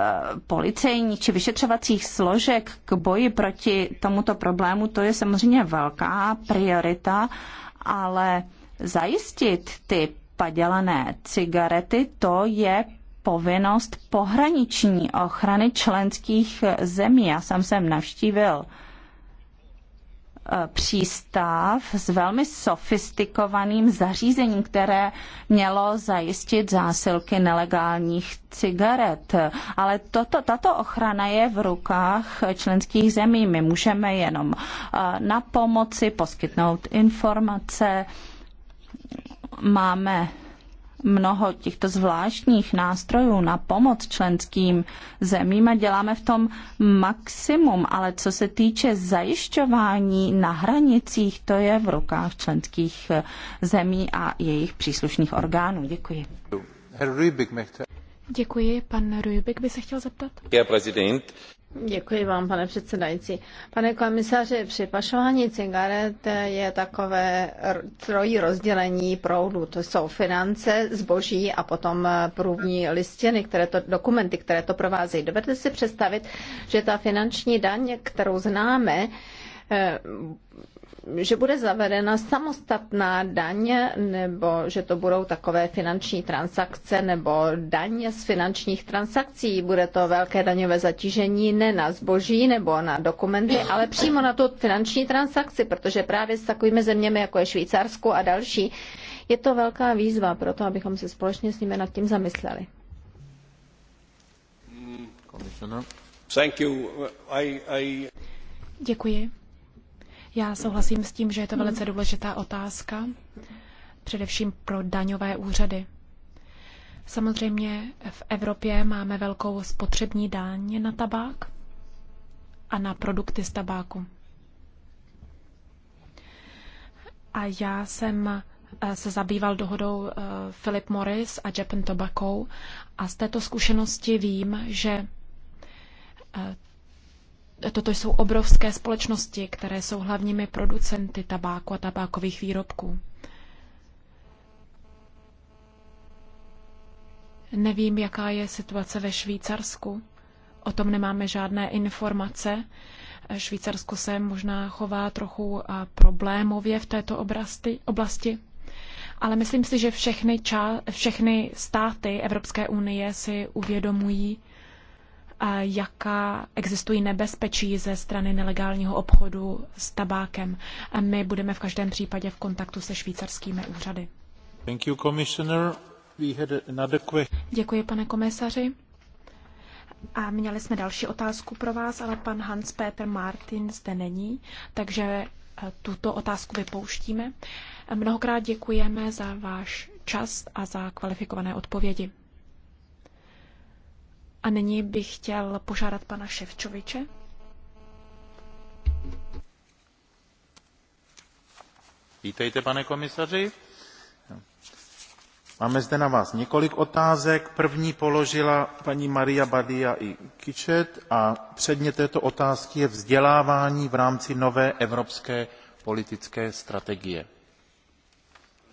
policejních či vyšetřovacích složek k boji proti tomuto problému, to je samozřejmě velká priorita, ale zajistit ty padělané cigarety, to je povinnost pohraniční ochrany členských zemí. Já jsem sem navštívil přístav s velmi sofistikovaným zařízením, které mělo zajistit zásilky nelegálních cigaret. Ale toto, tato ochrana je v rukách členských zemí. My můžeme jenom eh, na pomoci poskytnout informace. Máme mnoho těchto zvláštních nástrojů na pomoc členským zemím a děláme v tom maximum, ale co se týče zajišťování na hranicích, to je v rukách členských eh, zemí a jejich příslušných orgánů. Děkuji. Děkuji. Pan Rujbik by se chtěl zeptat. Děkuji vám, pane předsedající. Pane komisaři, při pašování cigaret je takové trojí rozdělení proudu. To jsou finance, zboží a potom průvní listiny, které to, dokumenty, které to provázejí. Dovedete si představit, že ta finanční daň, kterou známe, eh, že bude zavedena samostatná daň, nebo že to budou takové finanční transakce, nebo daň z finančních transakcí. Bude to velké daňové zatížení ne na zboží nebo na dokumenty, ale přímo na tu finanční transakci, protože právě s takovými zeměmi, jako je Švýcarsko a další, je to velká výzva pro to, abychom se společně s nimi nad tím zamysleli. Hmm. Děkuji. Já souhlasím s tím, že je to velice hmm. důležitá otázka, především pro daňové úřady. Samozřejmě v Evropě máme velkou spotřební daň na tabák a na produkty z tabáku. A já jsem eh, se zabýval dohodou eh, Philip Morris a Japan Tobacco a z této zkušenosti vím, že eh, Toto jsou obrovské společnosti, které jsou hlavními producenty tabáku a tabákových výrobků. Nevím, jaká je situace ve Švýcarsku. O tom nemáme žádné informace. Švýcarsko se možná chová trochu eh, problémově v této oblasti, oblasti. Ale myslím si, že všechny, ča- všechny státy Evropské unie si uvědomují, jaká existují nebezpečí ze strany nelegálního obchodu s tabákem. my budeme v každém případě v kontaktu se švýcarskými úřady. Thank you, Commissioner. We had another question. Děkuji, pane komisaři. A měli jsme další otázku pro vás, ale pan Hans Peter Martin zde není, takže eh, tuto otázku vypouštíme. Mnohokrát děkujeme za váš čas a za kvalifikované odpovědi. A nyní bych chtěl požádat pana Ševčoviče. Vítejte, pane komisaři. Máme zde na vás několik otázek. První položila paní Maria Badia i Kičet a předně této otázky je vzdělávání v rámci nové evropské politické strategie.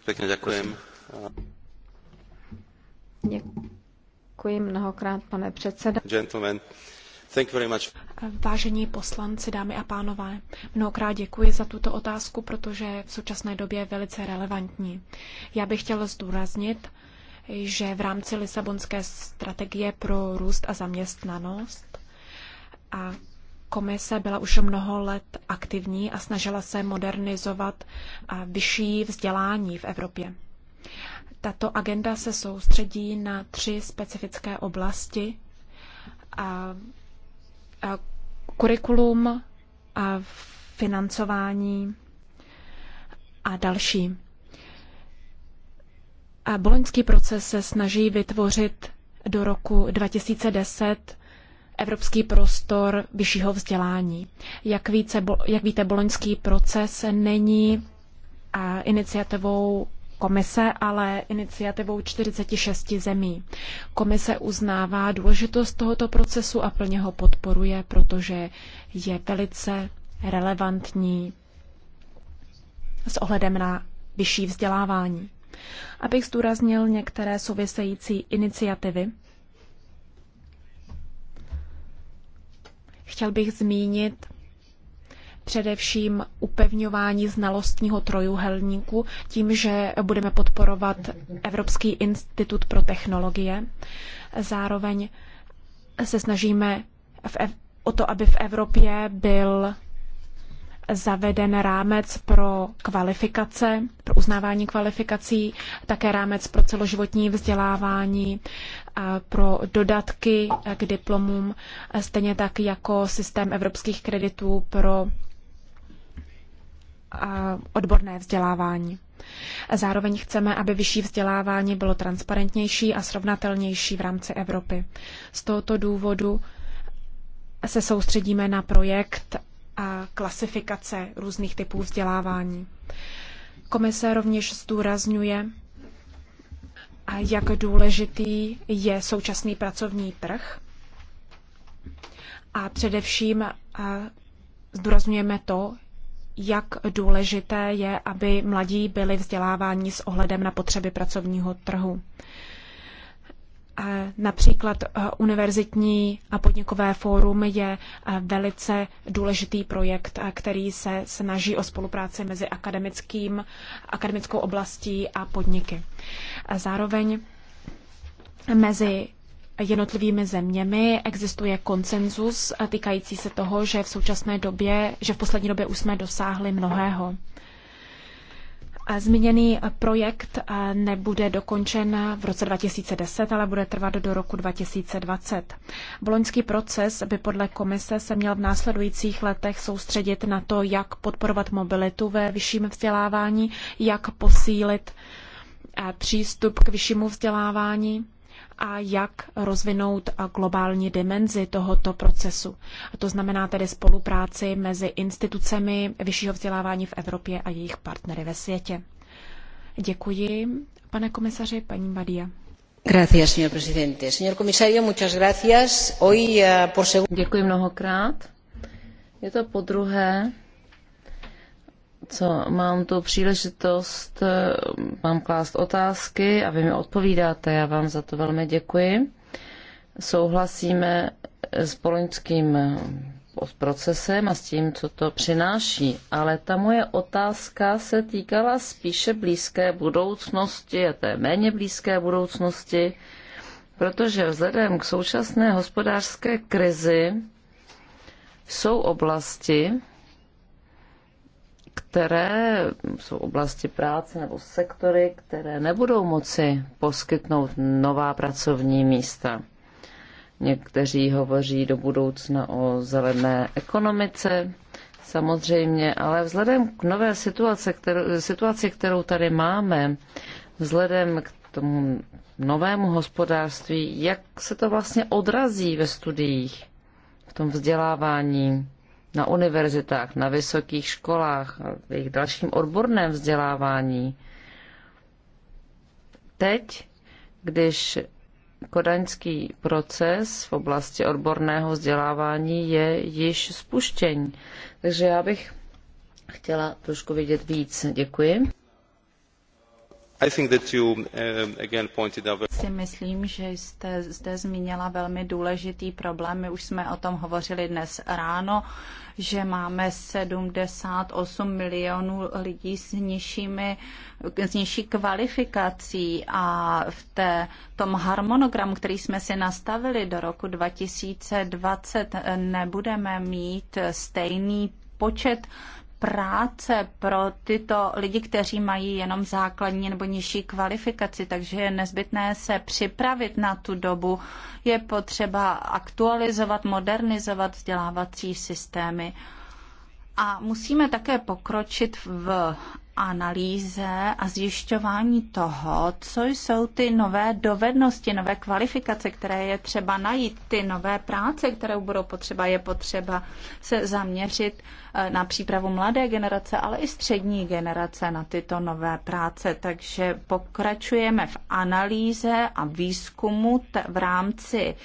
Pěkně děkujem. Děkuji. Děkuji mnohokrát, pane předseda. Vážení poslanci, dámy a pánové, mnohokrát děkuji za tuto otázku, protože je v současné době je velice relevantní. Já bych chtěla zdůraznit, že v rámci Lisabonské strategie pro růst a zaměstnanost a komise byla už mnoho let aktivní a snažila se modernizovat vyšší vzdělání v Evropě. Tato agenda se soustředí na tři specifické oblasti. A, a kurikulum, a financování a další. A boloňský proces se snaží vytvořit do roku 2010 evropský prostor vyššího vzdělání. Jak, více, jak víte, boloňský proces není iniciativou komise, ale iniciativou 46 zemí. Komise uznává důležitost tohoto procesu a plně ho podporuje, protože je velice relevantní s ohledem na vyšší vzdělávání. Abych zdůraznil některé související iniciativy, chtěl bych zmínit především upevňování znalostního trojuhelníku tím, že budeme podporovat Evropský institut pro technologie. Zároveň se snažíme v, o to, aby v Evropě byl zaveden rámec pro kvalifikace, pro uznávání kvalifikací, také rámec pro celoživotní vzdělávání, pro dodatky k diplomům, stejně tak jako systém evropských kreditů pro odborné vzdělávání. Zároveň chceme, aby vyšší vzdělávání bylo transparentnější a srovnatelnější v rámci Evropy. Z tohoto důvodu se soustředíme na projekt a klasifikace různých typů vzdělávání. Komise rovněž zdůrazňuje, jak důležitý je současný pracovní trh a především zdůrazňujeme to, jak důležité je, aby mladí byli vzděláváni s ohledem na potřeby pracovního trhu. Například eh, univerzitní a podnikové fórum je eh, velice důležitý projekt, eh, který se snaží o spolupráci mezi akademickým, akademickou oblastí a podniky. Zároveň mezi jednotlivými zeměmi existuje konsenzus týkající se toho, že v současné době, že v poslední době už jsme dosáhli mnohého. Zmíněný projekt nebude dokončen v roce 2010, ale bude trvat do roku 2020. Boloňský proces by podle komise se měl v následujících letech soustředit na to, jak podporovat mobilitu ve vyšším vzdělávání, jak posílit přístup k vyššímu vzdělávání a jak rozvinout globální dimenzi tohoto procesu. A to znamená tedy spolupráci mezi institucemi vyššího vzdělávání v Evropě a jejich partnery ve světě. Děkuji, pane komisaři, paní Badia. Gracias, señor presidente. Señor comisario, muchas gracias. Hoy, eh, por Děkuji mnohokrát. Je to po druhé, co mám tu příležitost vám eh, klást otázky a vy mi odpovídáte. Já vám za to velmi děkuji. Souhlasíme s poloňským eh, procesem a s tím, co to přináší, ale ta moje otázka se týkala spíše blízké budoucnosti a té méně blízké budoucnosti, protože vzhledem k současné hospodářské krizi jsou oblasti, které jsou oblasti práce nebo sektory, které nebudou moci poskytnout nová pracovní místa. Někteří hovoří do budoucna o zelené ekonomice, samozřejmě, ale vzhledem k nové situace, kterou, situaci, kterou tady máme, vzhledem k tomu novému hospodářství, jak se to vlastně odrazí ve studiích, v tom vzdělávání, na univerzitách, na vysokých školách a v jejich dalším odborném vzdělávání. Teď, když kodaňský proces v oblasti odborného vzdělávání je již spuštěn. Takže já bych chtěla trošku vidět víc. Děkuji. Um, si myslím, že jste zde zmínila velmi důležitý problém. My už jsme o tom hovořili dnes ráno, že máme 78 milionů lidí s, nižšími, s nižší kvalifikací a v té, tom harmonogramu, který jsme si nastavili do roku 2020, nebudeme mít stejný počet práce pro tyto lidi, kteří mají jenom základní nebo nižší kvalifikaci, takže je nezbytné se připravit na tu dobu. Je potřeba aktualizovat, modernizovat vzdělávací systémy. A musíme také pokročit v analýze a zjišťování toho, co jsou ty nové dovednosti, nové kvalifikace, které je třeba najít, ty nové práce, které budou potřeba, je potřeba se zaměřit eh, na přípravu mladé generace, ale i střední generace na tyto nové práce. Takže pokračujeme v analýze a výzkumu v rámci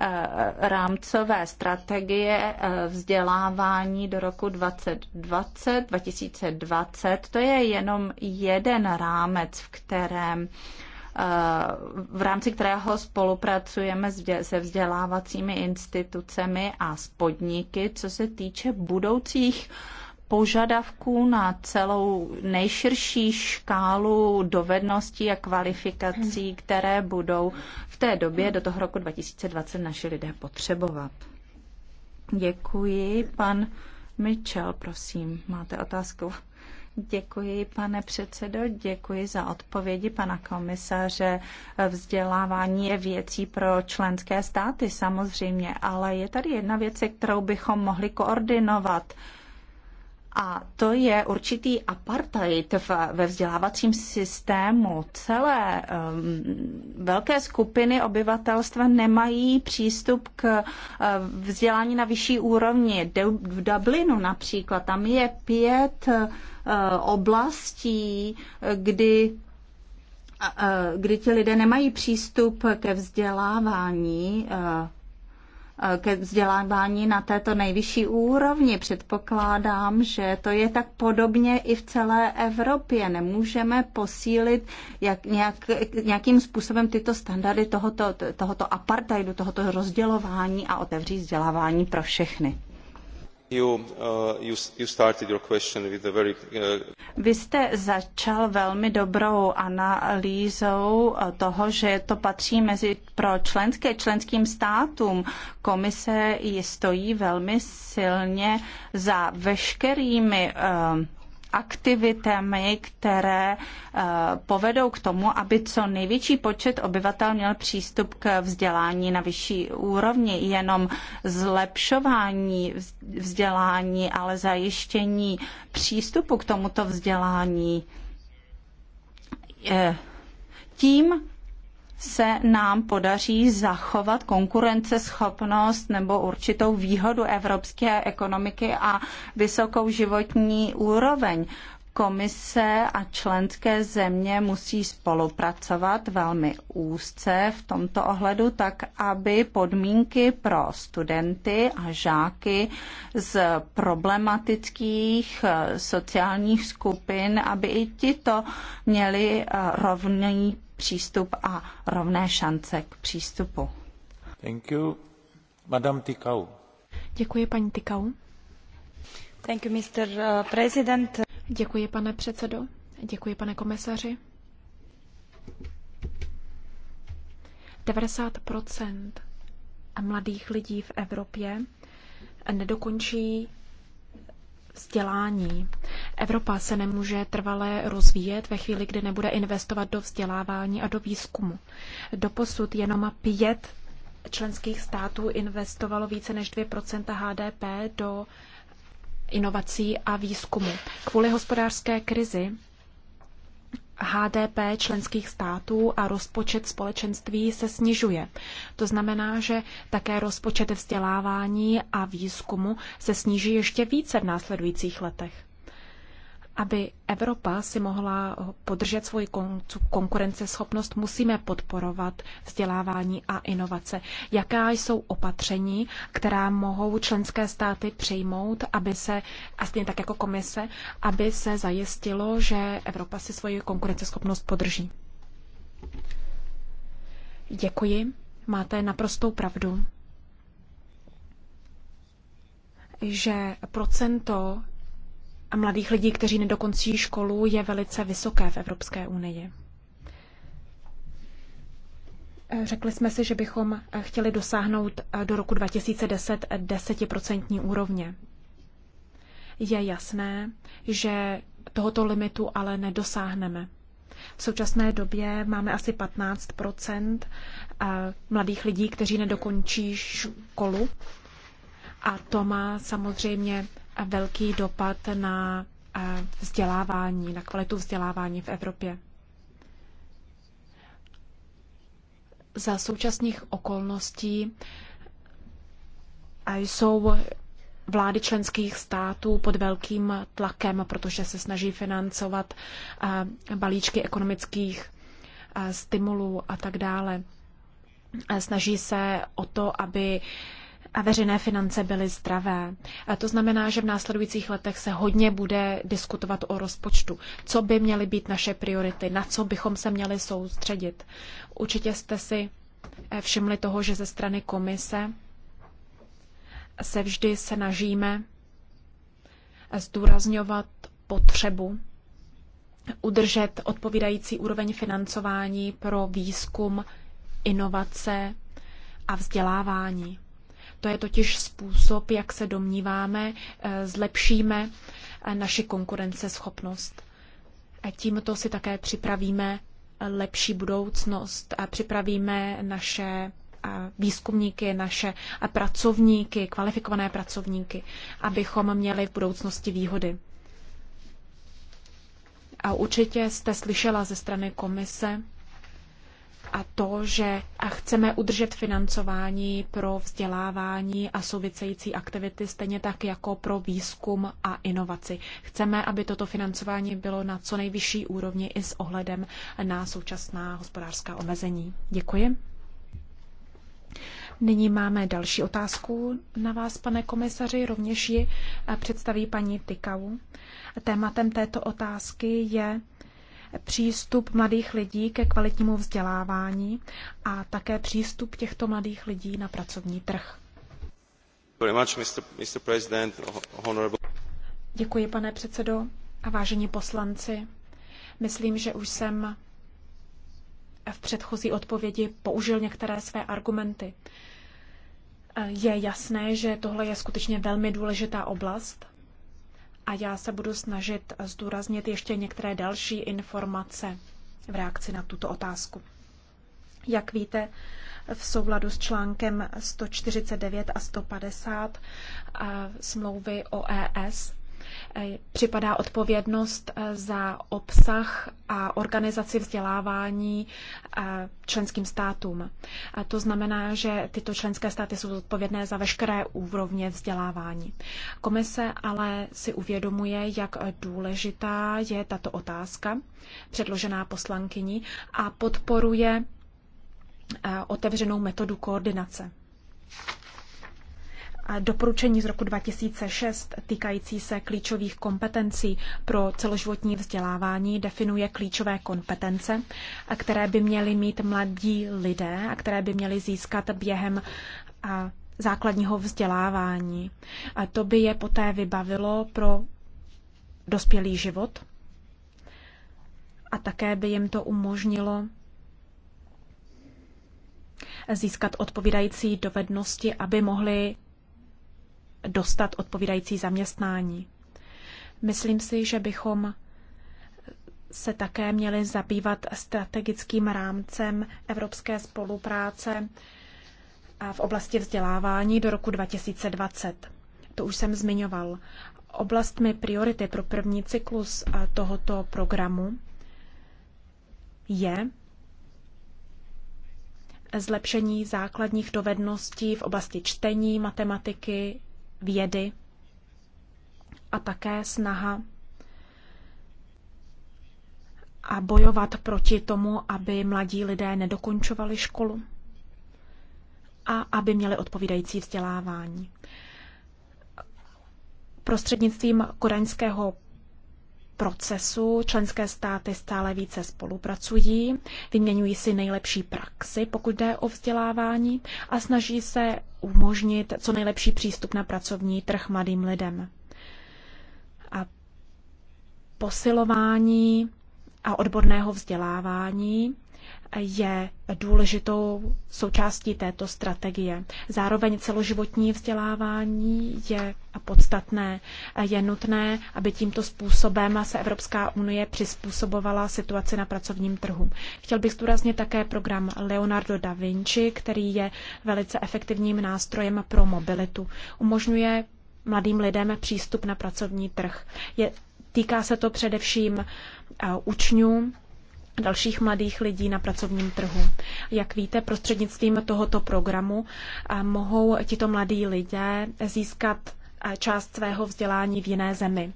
Eh, rámcové strategie eh, vzdělávání do roku 2020, 2020. To je jenom jeden rámec, v kterém eh, v rámci kterého spolupracujeme se vzdělávacími institucemi a spodníky, co se týče budoucích uh, požadavků na celou nejširší škálu dovedností a kvalifikací, které budou v té době do toho roku 2020 naši lidé potřebovat. Děkuji. Pan Mitchell, prosím, máte otázku. Děkuji, pane předsedo, děkuji za odpovědi pana komisaře. Vzdělávání je věcí pro členské státy samozřejmě, ale je tady jedna věc, kterou bychom mohli koordinovat a to je určitý apartheid ve vzdělávacím systému. Celé um, velké skupiny obyvatelstva nemají přístup k uh, vzdělání na vyšší úrovni. De- v Dublinu například, tam je pět uh, oblastí, kdy uh, kdy ti lidé nemají přístup ke vzdělávání uh, ke vzdělávání na této nejvyšší úrovni. Předpokládám, že to je tak podobně i v celé Evropě. Nemůžeme posílit jak, nějak, nějakým způsobem tyto standardy tohoto, tohoto apartheidu, tohoto rozdělování a otevřít vzdělávání pro všechny. Vy jste začal velmi dobrou analýzou uh, toho, že to patří mezi pro členské členským státům. Komise stojí velmi silně za veškerými uh, aktivitami, které eh, povedou k tomu, aby co největší počet obyvatel měl přístup k vzdělání na vyšší úrovni. Jenom zlepšování vzdělání, ale zajištění přístupu k tomuto vzdělání eh, tím se nám podaří zachovat konkurenceschopnost nebo určitou výhodu evropské ekonomiky a vysokou životní úroveň. Komise a členské země musí spolupracovat velmi úzce v tomto ohledu, tak aby podmínky pro studenty a žáky z problematických eh, sociálních skupin, aby i tito měli eh, rovný přístup a rovné šance k přístupu. Thank you. Madame Tikau. Děkuji, paní Tikau. Thank you, Mr. Uh, president. Děkuji, pane předsedo. Děkuji, pane komisaři. 90 mladých lidí v Evropě nedokončí vzdělání. Evropa se nemůže trvale rozvíjet ve chvíli, kdy nebude investovat do vzdělávání a do výzkumu. Doposud jenom pět členských států investovalo více než 2 HDP do inovací a výzkumu. Kvůli hospodářské krizi HDP členských států a rozpočet společenství se snižuje. To znamená, že také rozpočet vzdělávání a výzkumu se sníží ještě více v následujících letech. Aby Evropa si mohla podržet svoji konkurenceschopnost, musíme podporovat vzdělávání a inovace. Jaká jsou opatření, která mohou členské státy přijmout, aby se, a stejně tak jako komise, aby se zajistilo, že Evropa si svoji konkurenceschopnost podrží? Děkuji, máte naprostou pravdu že procento a mladých lidí, kteří nedokončí školu, je velice vysoké v Evropské unii. Řekli jsme si, že bychom chtěli dosáhnout do roku 2010 10% úrovně. Je jasné, že tohoto limitu ale nedosáhneme. V současné době máme asi 15 eh, mladých lidí, kteří nedokončí školu. A to má samozřejmě velký dopad na eh, vzdělávání, na kvalitu vzdělávání v Evropě. Za současných okolností eh, jsou vlády členských států pod velkým tlakem, protože se snaží financovat eh, balíčky ekonomických stimulů a tak dále. Snaží se o to, aby a veřejné finance byly zdravé. A to znamená, že v následujících letech se hodně bude diskutovat o rozpočtu. Co by měly být naše priority, na co bychom se měli soustředit. Určitě jste si eh, všimli toho, že ze strany komise se vždy snažíme eh, zdůrazňovat potřebu udržet odpovídající úroveň financování pro výzkum, inovace a vzdělávání. To je totiž způsob, jak se domníváme, eh, zlepšíme eh, naši konkurenceschopnost. A tímto si také připravíme eh, lepší budoucnost a připravíme naše výzkumníky, naše pracovníky, kvalifikované pracovníky, abychom měli v budoucnosti výhody. A určitě jste slyšela ze strany komise, a to, že chceme udržet financování pro vzdělávání a související aktivity, stejně tak jako pro výzkum a inovaci. Chceme, aby toto financování bylo na co nejvyšší úrovni i s ohledem na současná hospodářská omezení. Děkuji. Nyní máme další otázku na vás, pane komisaři, rovněž ji představí paní Tykau. Tématem této otázky je přístup mladých lidí ke kvalitnímu vzdělávání a také přístup těchto mladých lidí na pracovní trh. Děkuji, pane předsedo a vážení poslanci. Myslím, že už jsem v předchozí odpovědi použil některé své argumenty. Je jasné, že tohle je skutečně velmi důležitá oblast a já se budu snažit zdůraznit ještě některé další informace v reakci na tuto otázku. Jak víte, v souladu s článkem 149 a 150 smlouvy o ES Eh, připadá odpovědnost eh, za obsah a organizaci vzdělávání eh, členským státům. A to znamená, že tyto členské státy jsou odpovědné za veškeré úrovně vzdělávání. Komise ale si uvědomuje, jak důležitá je tato otázka, předložená poslankyní, a podporuje otevřenou metodu koordinace doporučení z roku 2006 týkající se klíčových kompetencí pro celoživotní vzdělávání definuje klíčové kompetence, které by měly mít mladí lidé a které by měli získat během základního vzdělávání. A to by je poté vybavilo pro dospělý život a také by jim to umožnilo získat odpovídající dovednosti, aby mohli dostat odpovídající zaměstnání. Myslím si, že bychom se také měli zabývat strategickým rámcem evropské spolupráce v oblasti vzdělávání do roku 2020. To už jsem zmiňoval. Oblastmi priority pro první cyklus tohoto programu je zlepšení základních dovedností v oblasti čtení, matematiky, vědy a také snaha a bojovat proti tomu, aby mladí lidé nedokončovali školu a aby měli odpovídající vzdělávání. Prostřednictvím koreňského procesu členské státy stále více spolupracují, vyměňují si nejlepší praxi, pokud jde o vzdělávání, a snaží se umožnit co nejlepší přístup na pracovní trh mladým lidem. A posilování a odborného vzdělávání je důležitou součástí této strategie. Zároveň celoživotní vzdělávání je podstatné. Je nutné, aby tímto způsobem se Evropská unie přizpůsobovala situaci na pracovním trhu. Chtěl bych zdůraznit také program Leonardo da Vinci, který je velice efektivním nástrojem pro mobilitu. Umožňuje mladým lidem přístup na pracovní trh. Je, týká se to především učňů, dalších mladých lidí na pracovním trhu. Jak víte, prostřednictvím tohoto programu eh, mohou tito mladí lidé získat eh, část svého vzdělání v jiné zemi.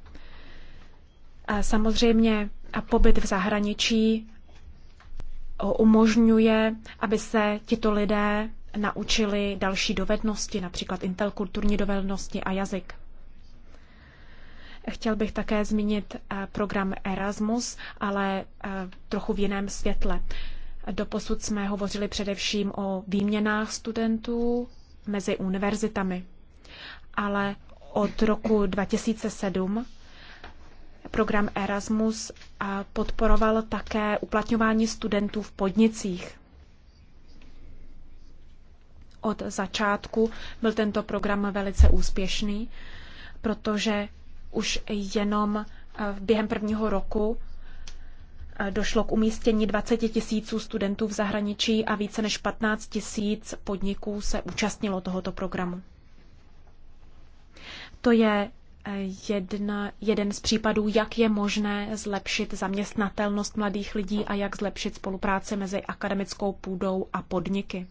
Eh, samozřejmě pobyt v zahraničí umožňuje, aby se tito lidé naučili další dovednosti, například interkulturní dovednosti a jazyk. Chtěl bych také zmínit eh, program Erasmus, ale eh, trochu v jiném světle. Doposud jsme hovořili především o výměnách studentů mezi univerzitami, ale od roku 2007 program Erasmus eh, podporoval také uplatňování studentů v podnicích. Od začátku byl tento program velice úspěšný, protože už jenom eh, během prvního roku eh, došlo k umístění 20 tisíců studentů v zahraničí a více než 15 tisíc podniků se účastnilo tohoto programu. To je eh, jedna, jeden z případů, jak je možné zlepšit zaměstnatelnost mladých lidí a jak zlepšit spolupráci mezi akademickou půdou a podniky.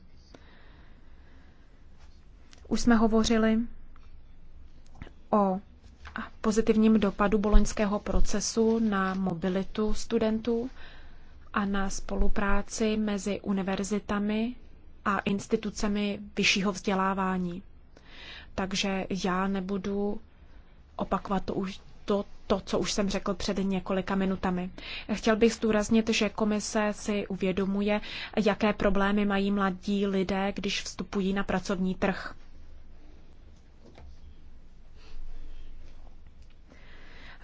Už jsme hovořili o pozitivním dopadu boloňského procesu na mobilitu studentů a na spolupráci mezi univerzitami a institucemi vyššího vzdělávání. Takže já nebudu opakovat to už to, to, co už jsem řekl před několika minutami. Chtěl bych zdůraznit, že komise si uvědomuje, jaké problémy mají mladí lidé, když vstupují na pracovní trh.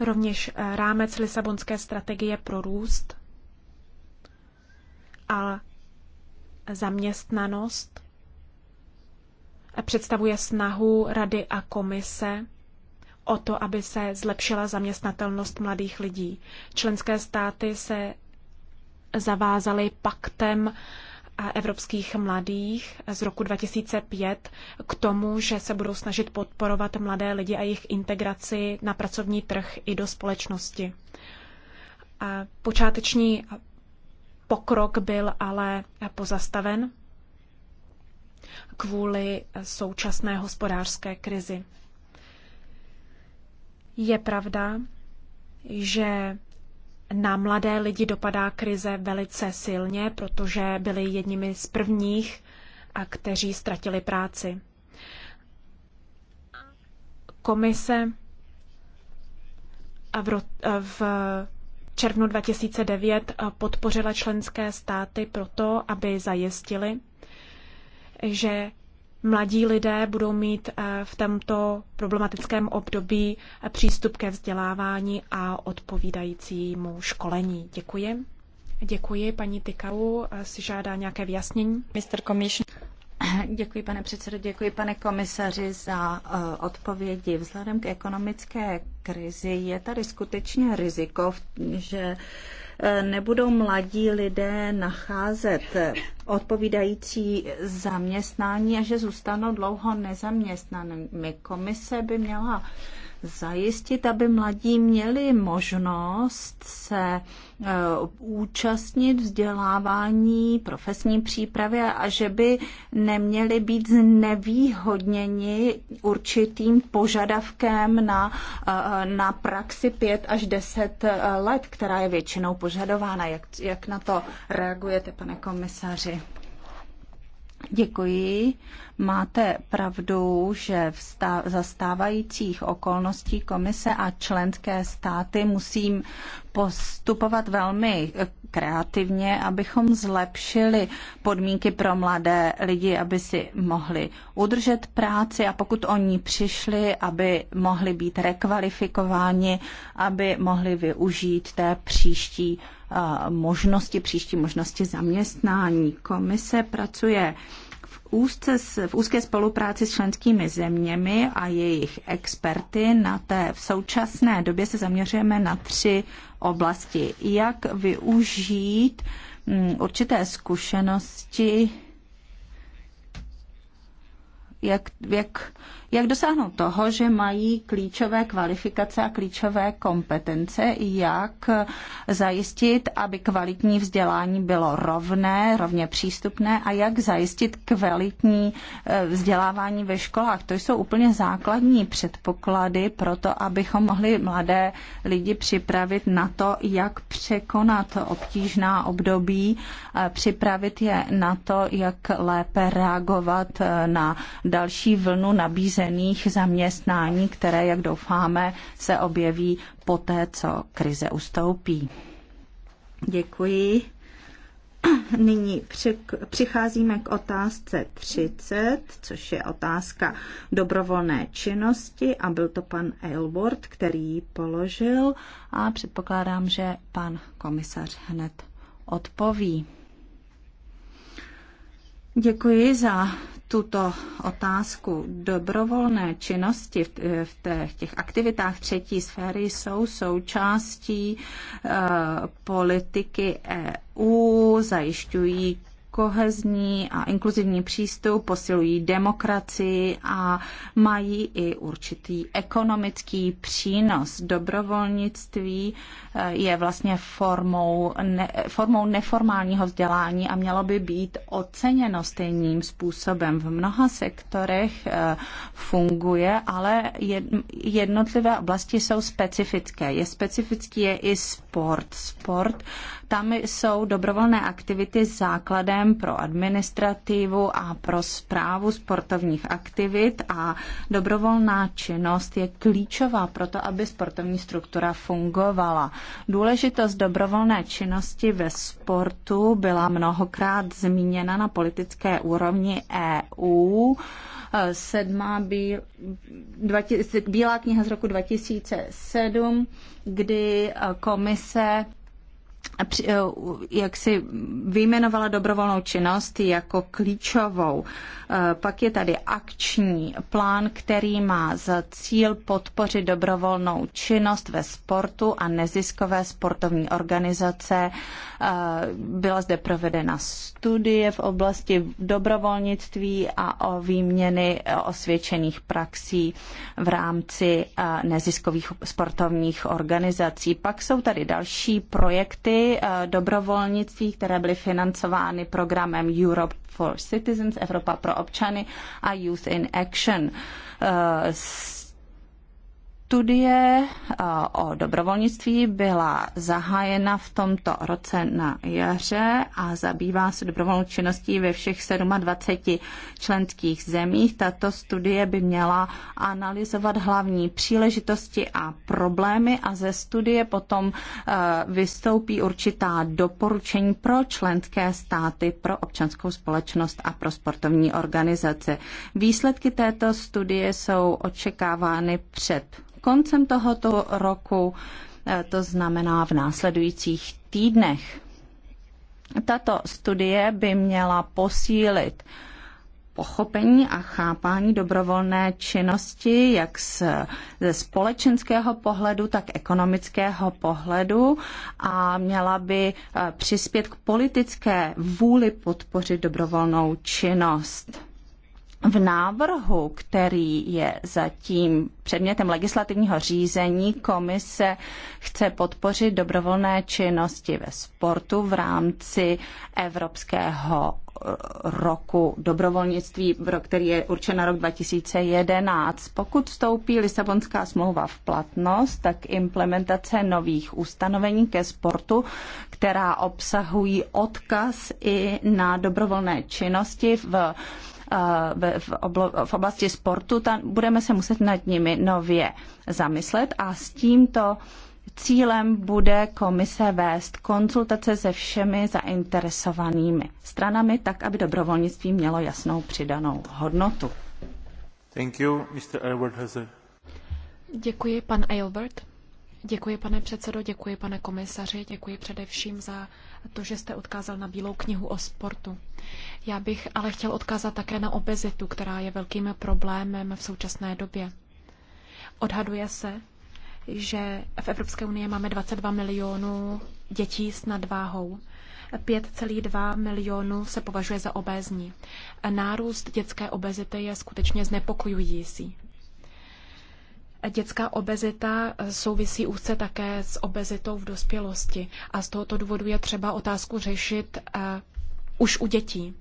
rovněž eh, rámec Lisabonské strategie pro růst a zaměstnanost eh, představuje snahu Rady a komise o to, aby se zlepšila zaměstnatelnost mladých lidí. Členské státy se zavázaly paktem evropských mladých z roku 2005 k tomu, že se budou snažit podporovat mladé lidi a jejich integraci na pracovní trh i do společnosti. A počáteční pokrok byl ale pozastaven kvůli současné hospodářské krizi. Je pravda, že na mladé lidi dopadá krize velice silně, protože byli jedními z prvních, a kteří ztratili práci. Komise v, v červnu 2009 podpořila členské státy proto, aby zajistili, že mladí lidé budou mít eh, v tomto problematickém období eh, přístup ke vzdělávání a odpovídajícímu školení. Děkuji. Děkuji, paní Tykau eh, si žádá nějaké vyjasnění. Mr. Commission. Děkuji, pane předsedo, děkuji, pane komisaři, za eh, odpovědi. Vzhledem k ekonomické krizi je tady skutečně riziko, že eh, nebudou mladí lidé nacházet eh, odpovídající zaměstnání a že zůstanou dlouho nezaměstnanými. Komise by měla zajistit, aby mladí měli možnost se e, účastnit vzdělávání, profesní přípravy a že by neměli být znevýhodněni určitým požadavkem na, e, e, na praxi 5 až 10 let, která je většinou požadována. Jak, jak na to reagujete, pane komisaři? Děkuji. Máte pravdu, že v zastávajících okolností komise a členské státy musím postupovat velmi kreativně, abychom zlepšili podmínky pro mladé lidi, aby si mohli udržet práci a pokud oni přišli, aby mohli být rekvalifikováni, aby mohli využít té příští eh, možnosti, příští možnosti zaměstnání. Komise pracuje úzce, v úzké spolupráci s členskými zeměmi a jejich experty na té v současné době se zaměřujeme na tři oblasti. Jak využít mm, určité zkušenosti, jak, jak jak dosáhnout toho, že mají klíčové kvalifikace a klíčové kompetence, jak zajistit, aby kvalitní vzdělání bylo rovné, rovně přístupné a jak zajistit kvalitní eh, vzdělávání ve školách. To jsou úplně základní předpoklady pro to, abychom mohli mladé lidi připravit na to, jak překonat obtížná období, eh, připravit je na to, jak lépe reagovat eh, na další vlnu nabízení cených zaměstnání, které, jak doufáme, se objeví poté, co krize ustoupí. Děkuji. Nyní přicházíme k otázce 30, což je otázka dobrovolné činnosti a byl to pan Aylward, který ji položil a předpokládám, že pan komisař hned odpoví. Děkuji za tuto otázku dobrovolné činnosti v těch aktivitách třetí sféry jsou součástí eh, politiky EU, zajišťují kohezní a inkluzivní přístup, posilují demokracii a mají i určitý ekonomický přínos. Dobrovolnictví eh, je vlastně formou, ne, formou neformálního vzdělání a mělo by být oceněno stejným způsobem. V mnoha sektorech eh, funguje, ale jednotlivé oblasti jsou specifické. Je specifický je i sport. Sport tam jsou dobrovolné aktivity základem pro administrativu a pro zprávu sportovních aktivit a dobrovolná činnost je klíčová pro to, aby sportovní struktura fungovala. Důležitost dobrovolné činnosti ve sportu byla mnohokrát zmíněna na politické úrovni EU sedmá bí, bílá kniha z roku 2007, kdy komise Eh, jak si vyjmenovala dobrovolnou činnost jako klíčovou. Eh, pak je tady akční plán, který má za cíl podpořit dobrovolnou činnost ve sportu a neziskové sportovní organizace. Eh, byla zde provedena studie v oblasti dobrovolnictví a o výměny osvědčených praxí v rámci neziskových sportovních organizací. Pak jsou tady další projekty, projekty eh, dobrovolnictví, které byly financovány programem Europe for Citizens, Evropa pro občany a Youth in Action. Eh, s studie eh, o dobrovolnictví byla zahájena v tomto roce na jaře a zabývá se dobrovolnou činností ve všech 27 členských zemích. Tato studie by měla analyzovat hlavní příležitosti a problémy a ze studie potom eh, vystoupí určitá doporučení pro členské státy, pro občanskou společnost a pro sportovní organizace. Výsledky této studie jsou očekávány před koncem tohoto roku, eh, to znamená v následujících týdnech. Tato studie by měla posílit pochopení a chápání dobrovolné činnosti, jak z, ze společenského pohledu, tak ekonomického pohledu a měla by eh, přispět k politické vůli podpořit dobrovolnou činnost v návrhu, který je zatím předmětem legislativního řízení, komise chce podpořit dobrovolné činnosti ve sportu v rámci Evropského eh, roku dobrovolnictví, který je určen na rok 2011. Pokud vstoupí Lisabonská smlouva v platnost, tak implementace nových ustanovení ke sportu, která obsahují odkaz i na dobrovolné činnosti v v oblasti sportu, tam budeme se muset nad nimi nově zamyslet a s tímto Cílem bude komise vést konzultace se všemi zainteresovanými stranami, tak aby dobrovolnictví mělo jasnou přidanou hodnotu. Thank you, Mr. Albert has a... Děkuji, pan Aylbert. Děkuji, pane předsedo, děkuji, pane komisaři, děkuji především za to, že jste odkázal na Bílou knihu o sportu. Já bych ale chtěl odkázat také na obezitu, která je velkým problémem v současné době. Odhaduje se, že v Evropské unii máme 22 milionů dětí s nadváhou. 5,2 milionů se považuje za obézní. Nárůst dětské obezity je skutečně znepokojující. Dětská obezita eh, souvisí úzce také s obezitou v dospělosti a z tohoto důvodu je třeba otázku řešit eh, už u dětí.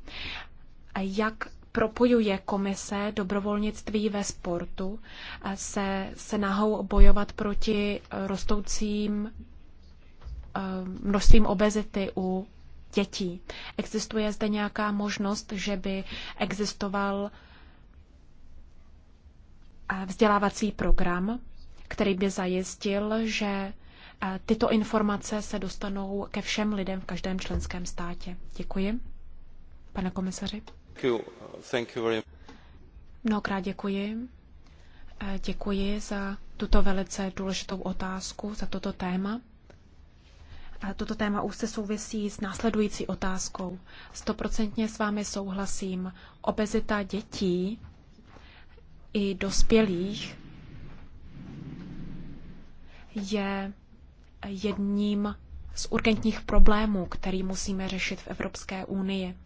Jak propojuje komise dobrovolnictví ve sportu eh, se snahou bojovat proti rostoucím množstvím obezity u dětí. Existuje zde nějaká možnost, že by existoval vzdělávací program, který by zajistil, že e, tyto informace se dostanou ke všem lidem v každém členském státě. Děkuji. Pane komisaři. Mnohokrát děkuji. E, děkuji za tuto velice důležitou otázku, za toto téma. A e, toto téma už se souvisí s následující otázkou. Stoprocentně s vámi souhlasím. Obezita dětí i dospělých je jedním z urgentních problémů, který musíme řešit v Evropské unii.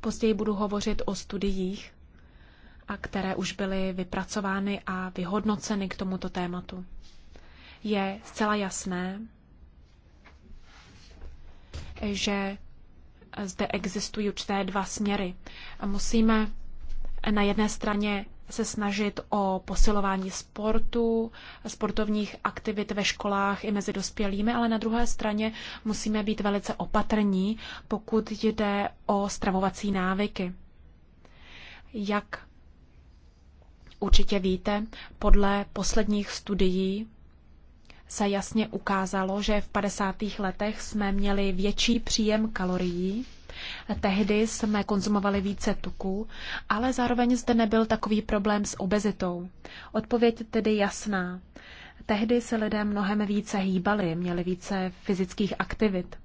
Později budu hovořit o studiích, a které už byly vypracovány a vyhodnoceny k tomuto tématu. Je zcela jasné, že zde existují určité dva směry. Musíme na jedné straně se snažit o posilování sportu, sportovních aktivit ve školách i mezi dospělými, ale na druhé straně musíme být velice opatrní, pokud jde o stravovací návyky. Jak určitě víte, podle posledních studií se jasně ukázalo, že v 50. letech jsme měli větší příjem kalorií Tehdy jsme konzumovali více tuku, ale zároveň zde nebyl takový problém s obezitou. Odpověď tedy jasná. Tehdy se lidé mnohem více hýbali, měli více fyzických aktivit.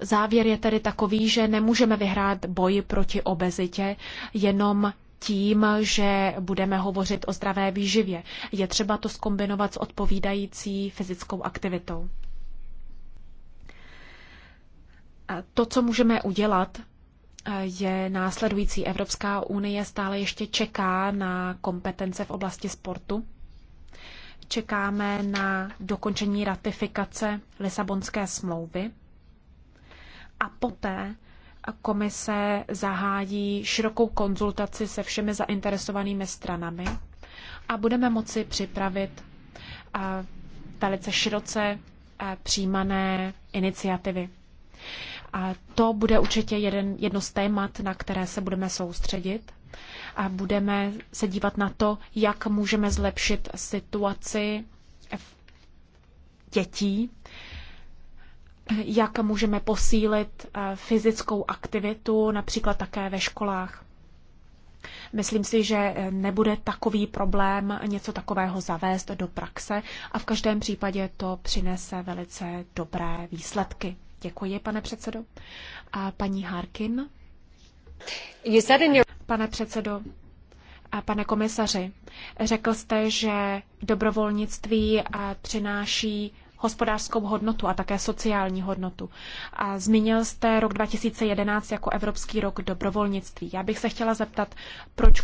Závěr je tedy takový, že nemůžeme vyhrát boj proti obezitě jenom tím, že budeme hovořit o zdravé výživě. Je třeba to skombinovat s odpovídající fyzickou aktivitou. To, co můžeme udělat, eh, je následující. Evropská unie stále ještě čeká na kompetence v oblasti sportu. Čekáme na dokončení ratifikace Lisabonské smlouvy a poté komise zahájí širokou konzultaci se všemi zainteresovanými stranami a budeme moci připravit eh, velice široce eh, přijímané iniciativy. A to bude určitě jeden, jedno z témat, na které se budeme soustředit. A budeme se dívat na to, jak můžeme zlepšit situaci dětí, jak můžeme posílit eh, fyzickou aktivitu, například také ve školách. Myslím si, že eh, nebude takový problém něco takového zavést do praxe a v každém případě to přinese velice dobré výsledky. Děkuji, pane předsedo. A paní Harkin? Pane předsedo, a pane komisaři, řekl jste, že dobrovolnictví eh, přináší hospodářskou hodnotu a také sociální hodnotu. A zmínil jste rok 2011 jako Evropský rok dobrovolnictví. Já bych se chtěla zeptat, proč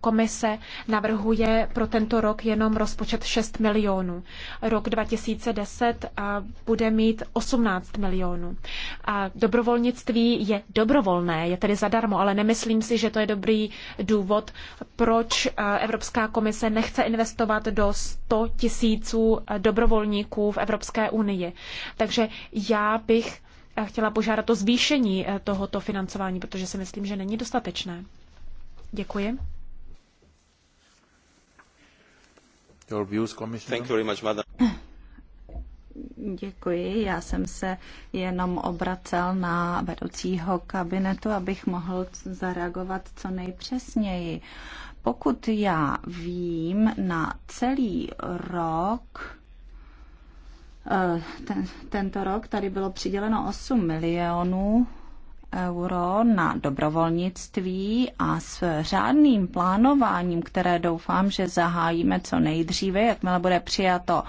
komise navrhuje pro tento rok jenom rozpočet 6 milionů. Rok 2010 bude mít 18 milionů. A dobrovolnictví je dobrovolné, je tedy zadarmo, ale nemyslím si, že to je dobrý důvod, proč Evropská komise nechce investovat do 100 tisíců dobrovolníků v Evropské Evropské unii. Takže já bych eh, chtěla požádat o zvýšení eh, tohoto financování, protože si myslím, že není dostatečné. Děkuji. Your views, Thank you very much, madam. Děkuji. Já jsem se jenom obracel na vedoucího kabinetu, abych mohl zareagovat co nejpřesněji. Pokud já vím, na celý rok Eh, ten, tento rok tady bylo přiděleno 8 milionů euro na dobrovolnictví a s řádným plánováním, které doufám, že zahájíme co nejdříve, jakmile bude přijato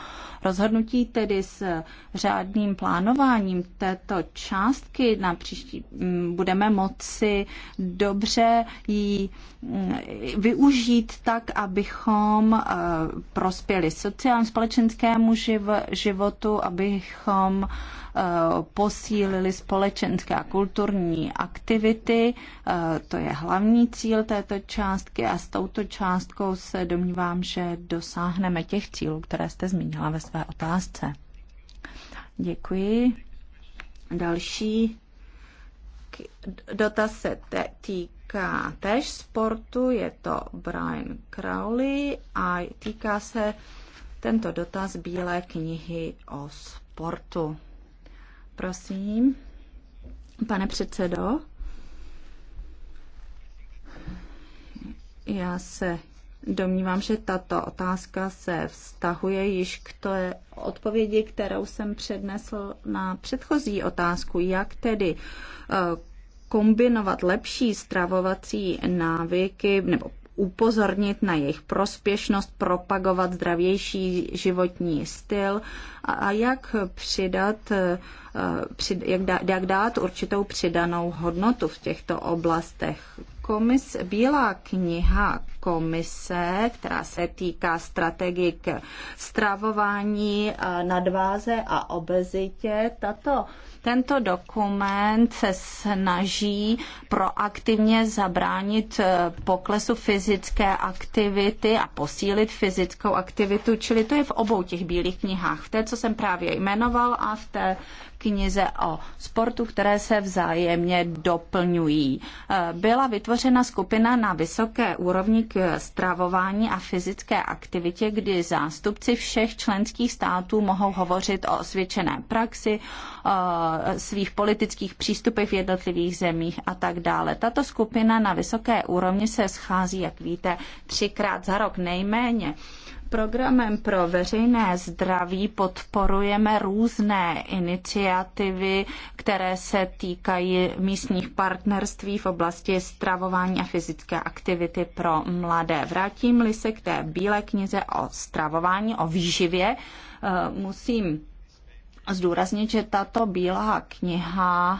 rozhodnutí, tedy s řádným plánováním této částky na příští mm, budeme moci dobře ji mm, využít tak, abychom e, prospěli sociálně společenskému životu, abychom Eh, posílili společenské a kulturní aktivity. Eh, to je hlavní cíl této částky a s touto částkou se domnívám, že dosáhneme těch cílů, které jste zmínila ve své otázce. Děkuji. Další dotaz se týká tež sportu, je to Brian Crowley a týká se tento dotaz Bílé knihy o sportu. Prosím, pane předsedo. Já se domnívám, že tato otázka se vztahuje již k té odpovědi, kterou jsem přednesl na předchozí otázku, jak tedy eh, kombinovat lepší stravovací návyky nebo upozornit na jejich prospěšnost, propagovat zdravější životní styl a jak přidat, eh, jak dát, jak dát určitou přidanou hodnotu v těchto oblastech. Komis, Bílá kniha komise, která se týká strategie k stravování, eh, nadváze a obezitě, tato tento dokument se snaží proaktivně zabránit eh, poklesu fyzické aktivity a posílit fyzickou aktivitu, čili to je v obou těch bílých knihách, v té, co jsem právě jmenoval a v té, knize o sportu, které se vzájemně doplňují. Byla vytvořena skupina na vysoké úrovni k stravování a fyzické aktivitě, kdy zástupci všech členských států mohou hovořit o osvědčené praxi, svých politických přístupech v jednotlivých zemích a tak dále. Tato skupina na vysoké úrovni se schází, jak víte, třikrát za rok nejméně. Programem pro veřejné zdraví podporujeme různé iniciativy, které se týkají místních partnerství v oblasti stravování a fyzické aktivity pro mladé. Vrátím-li se k té bílé knize o stravování, o výživě, eh, musím zdůraznit, že tato bílá kniha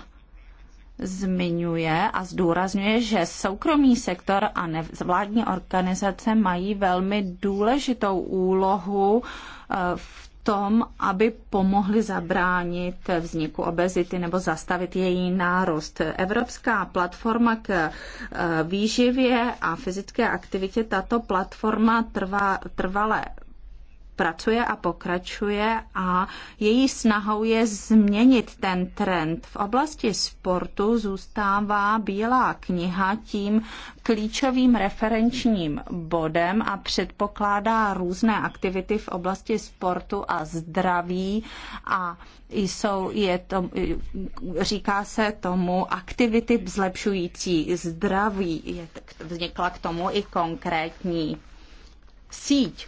zmiňuje a zdůrazňuje, že soukromý sektor a nevládní organizace mají velmi důležitou úlohu eh, v tom, aby pomohli zabránit vzniku obezity nebo zastavit její nárost. Evropská platforma k eh, výživě a fyzické aktivitě, tato platforma trvá, trvale pracuje a pokračuje a její snahou je změnit ten trend. V oblasti sportu zůstává Bílá kniha tím klíčovým referenčním bodem a předpokládá různé aktivity v oblasti sportu a zdraví a jsou, je to, říká se tomu aktivity zlepšující zdraví. Je, vznikla k tomu i konkrétní síť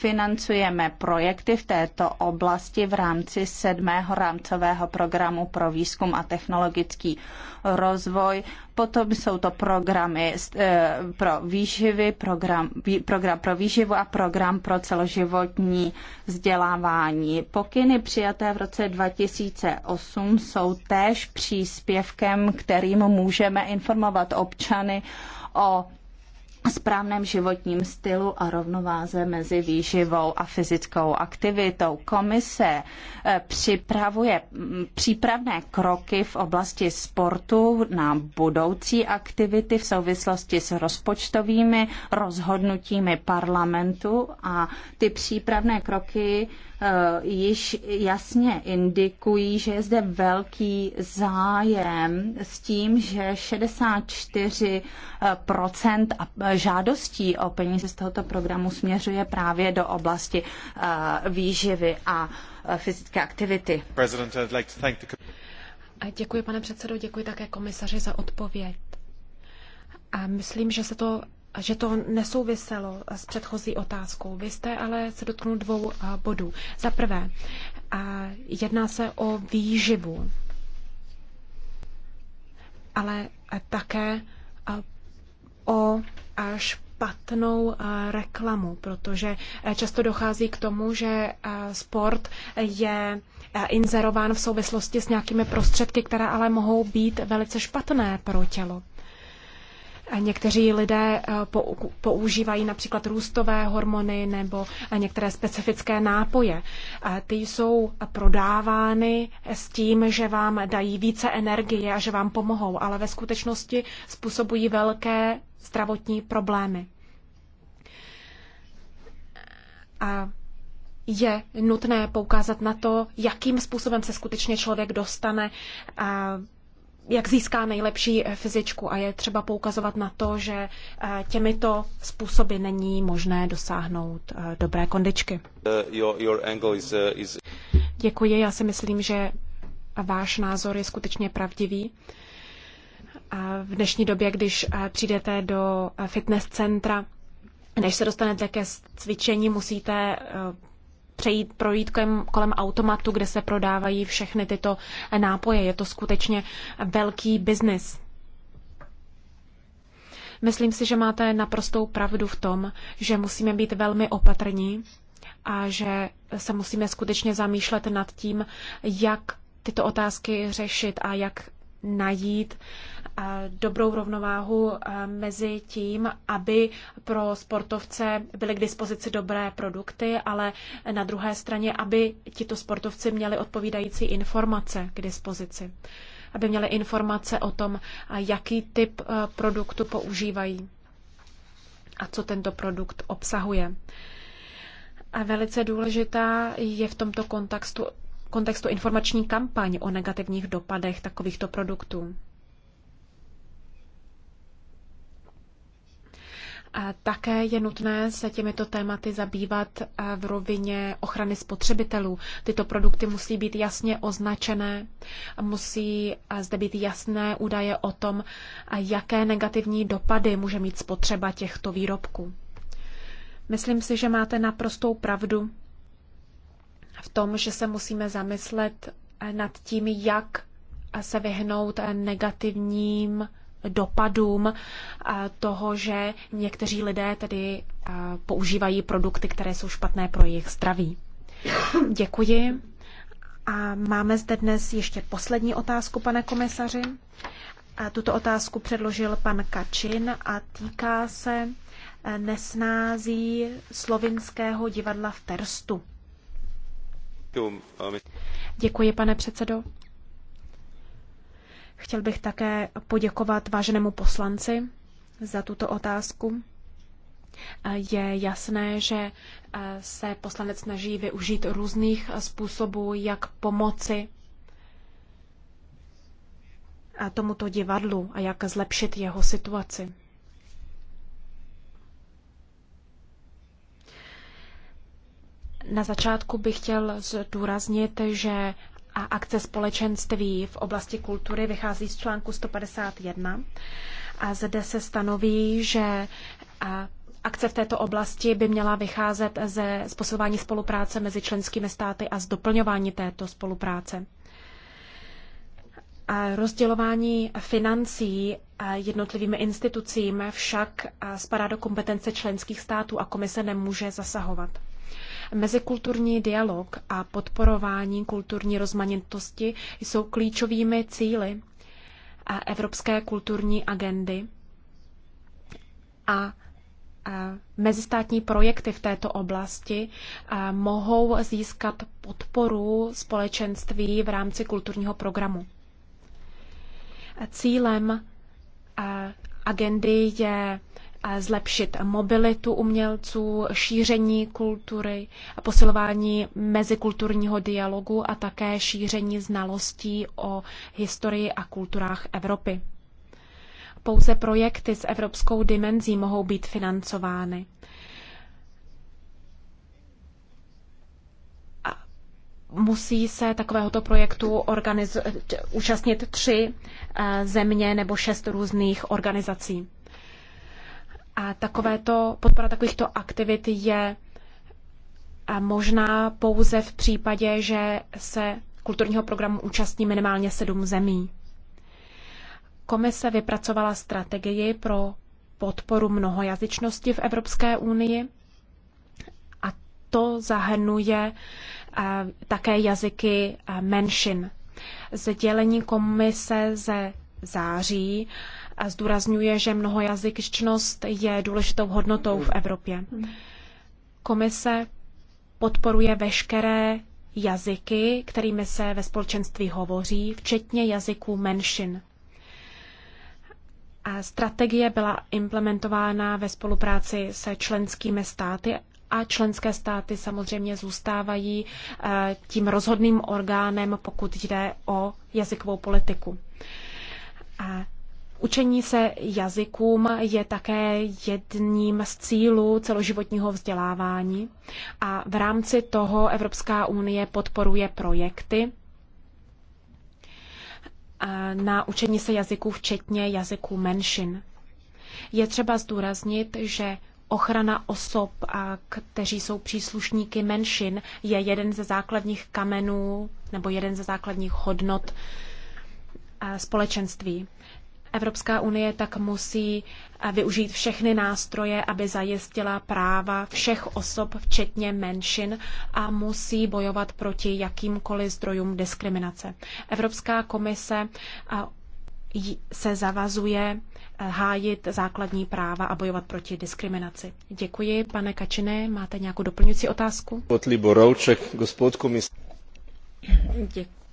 financujeme projekty v této oblasti v rámci sedmého rámcového programu pro výzkum a technologický rozvoj. Potom jsou to programy eh, pro výživy, program, program pro výživu a program pro celoživotní vzdělávání. Pokyny přijaté v roce 2008 jsou též příspěvkem, kterým můžeme informovat občany o správném životním stylu a rovnováze mezi výživou a fyzickou aktivitou. Komise eh, připravuje mm, přípravné kroky v oblasti sportu na budoucí aktivity v souvislosti s rozpočtovými rozhodnutími parlamentu a ty přípravné kroky Eh, již jasně indikují, že je zde velký zájem s tím, že 64 eh, eh, žádostí o peníze z tohoto programu směřuje právě do oblasti výživy a fyzické aktivity. A děkuji, pane předsedo, děkuji také komisaři za odpověď. A myslím, že se to že to nesouviselo s předchozí otázkou. Vy jste ale se dotknul dvou bodů. Za prvé, jedná se o výživu, ale také o až špatnou reklamu, protože e, často dochází k tomu, že e, sport je e, inzerován v souvislosti s nějakými prostředky, které ale mohou být velice špatné pro tělo. Někteří lidé eh, používají například růstové hormony nebo eh, některé specifické nápoje. Ty jsou prodávány s tím, že vám dají více energie a že vám pomohou, ale ve skutečnosti způsobují velké zdravotní problémy. A je nutné poukázat na to, jakým způsobem se skutečně člověk dostane eh, jak získá nejlepší fyzičku a je třeba poukazovat na to, že eh, těmito způsoby není možné dosáhnout eh, dobré kondičky. Uh, uh, Děkuji, já si myslím, že váš názor je skutečně pravdivý. A v dnešní době, když eh, přijdete do fitness centra, než se dostanete ke cvičení, musíte přejít, projít kolem, kolem automatu, kde se prodávají všechny tyto nápoje. Je to skutečně velký biznis. Myslím si, že máte naprostou pravdu v tom, že musíme být velmi opatrní a že se musíme skutečně zamýšlet nad tím, jak tyto otázky řešit a jak najít dobrou rovnováhu mezi tím, aby pro sportovce byly k dispozici dobré produkty, ale na druhé straně, aby tito sportovci měli odpovídající informace k dispozici. Aby měli informace o tom, jaký typ produktu používají a co tento produkt obsahuje. A velice důležitá je v tomto kontextu, kontextu informační kampaň o negativních dopadech takovýchto produktů. Také je nutné se těmito tématy zabývat eh, v rovině ochrany spotřebitelů. Tyto produkty musí být jasně označené, musí eh, zde být jasné údaje o tom, eh, jaké negativní dopady může mít spotřeba těchto výrobků. Myslím si, že máte naprostou pravdu v tom, že se musíme zamyslet nad tím, jak se vyhnout negativním dopadům eh, toho, že někteří lidé tedy eh, používají produkty, které jsou špatné pro jejich zdraví. Děkuji. A máme zde dnes ještě poslední otázku, pane komisaři. A tuto otázku předložil pan Kačin a týká se eh, nesnází slovinského divadla v Terstu. Děkuji, pane předsedo. Chtěl bych také poděkovat váženému poslanci za tuto otázku. Je jasné, že eh, se poslanec snaží využít různých eh, způsobů, jak pomoci eh, tomuto divadlu a jak zlepšit jeho situaci. Na začátku bych chtěl zdůraznit, že a akce společenství v oblasti kultury vychází z článku 151. A zde se stanoví, že akce v této oblasti by měla vycházet ze sposování spolupráce mezi členskými státy a z doplňování této spolupráce. A rozdělování financí jednotlivými institucím však spadá do kompetence členských států a komise nemůže zasahovat. Mezikulturní dialog a podporování kulturní rozmanitosti jsou klíčovými cíly Evropské kulturní agendy a mezistátní projekty v této oblasti mohou získat podporu společenství v rámci kulturního programu. Cílem agendy je zlepšit mobilitu umělců, šíření kultury, a posilování mezikulturního dialogu a také šíření znalostí o historii a kulturách Evropy. Pouze projekty s evropskou dimenzí mohou být financovány. musí se takovéhoto projektu organiz... účastnit tři eh, země nebo šest různých organizací. A takovéto, podpora takovýchto aktivit je možná pouze v případě, že se kulturního programu účastní minimálně sedm zemí. Komise vypracovala strategii pro podporu mnohojazyčnosti v Evropské unii a to zahrnuje také jazyky menšin. Sdělení komise ze září a zdůrazňuje, že mnohojazyčnost je důležitou hodnotou v Evropě. Komise podporuje veškeré jazyky, kterými se ve společenství hovoří, včetně jazyků menšin. A strategie byla implementována ve spolupráci se členskými státy a členské státy samozřejmě zůstávají eh, tím rozhodným orgánem, pokud jde o jazykovou politiku. A Učení se jazykům je také jedním z cílů celoživotního vzdělávání a v rámci toho Evropská unie podporuje projekty na učení se jazyků, včetně jazyků menšin. Je třeba zdůraznit, že ochrana osob, kteří jsou příslušníky menšin, je jeden ze základních kamenů nebo jeden ze základních hodnot společenství. Evropská unie tak musí eh, využít všechny nástroje, aby zajistila práva všech osob, včetně menšin, a musí bojovat proti jakýmkoliv zdrojům diskriminace. Evropská komise eh, se zavazuje eh, hájit základní práva a bojovat proti diskriminaci. Děkuji, pane Kačine. Máte nějakou doplňující otázku?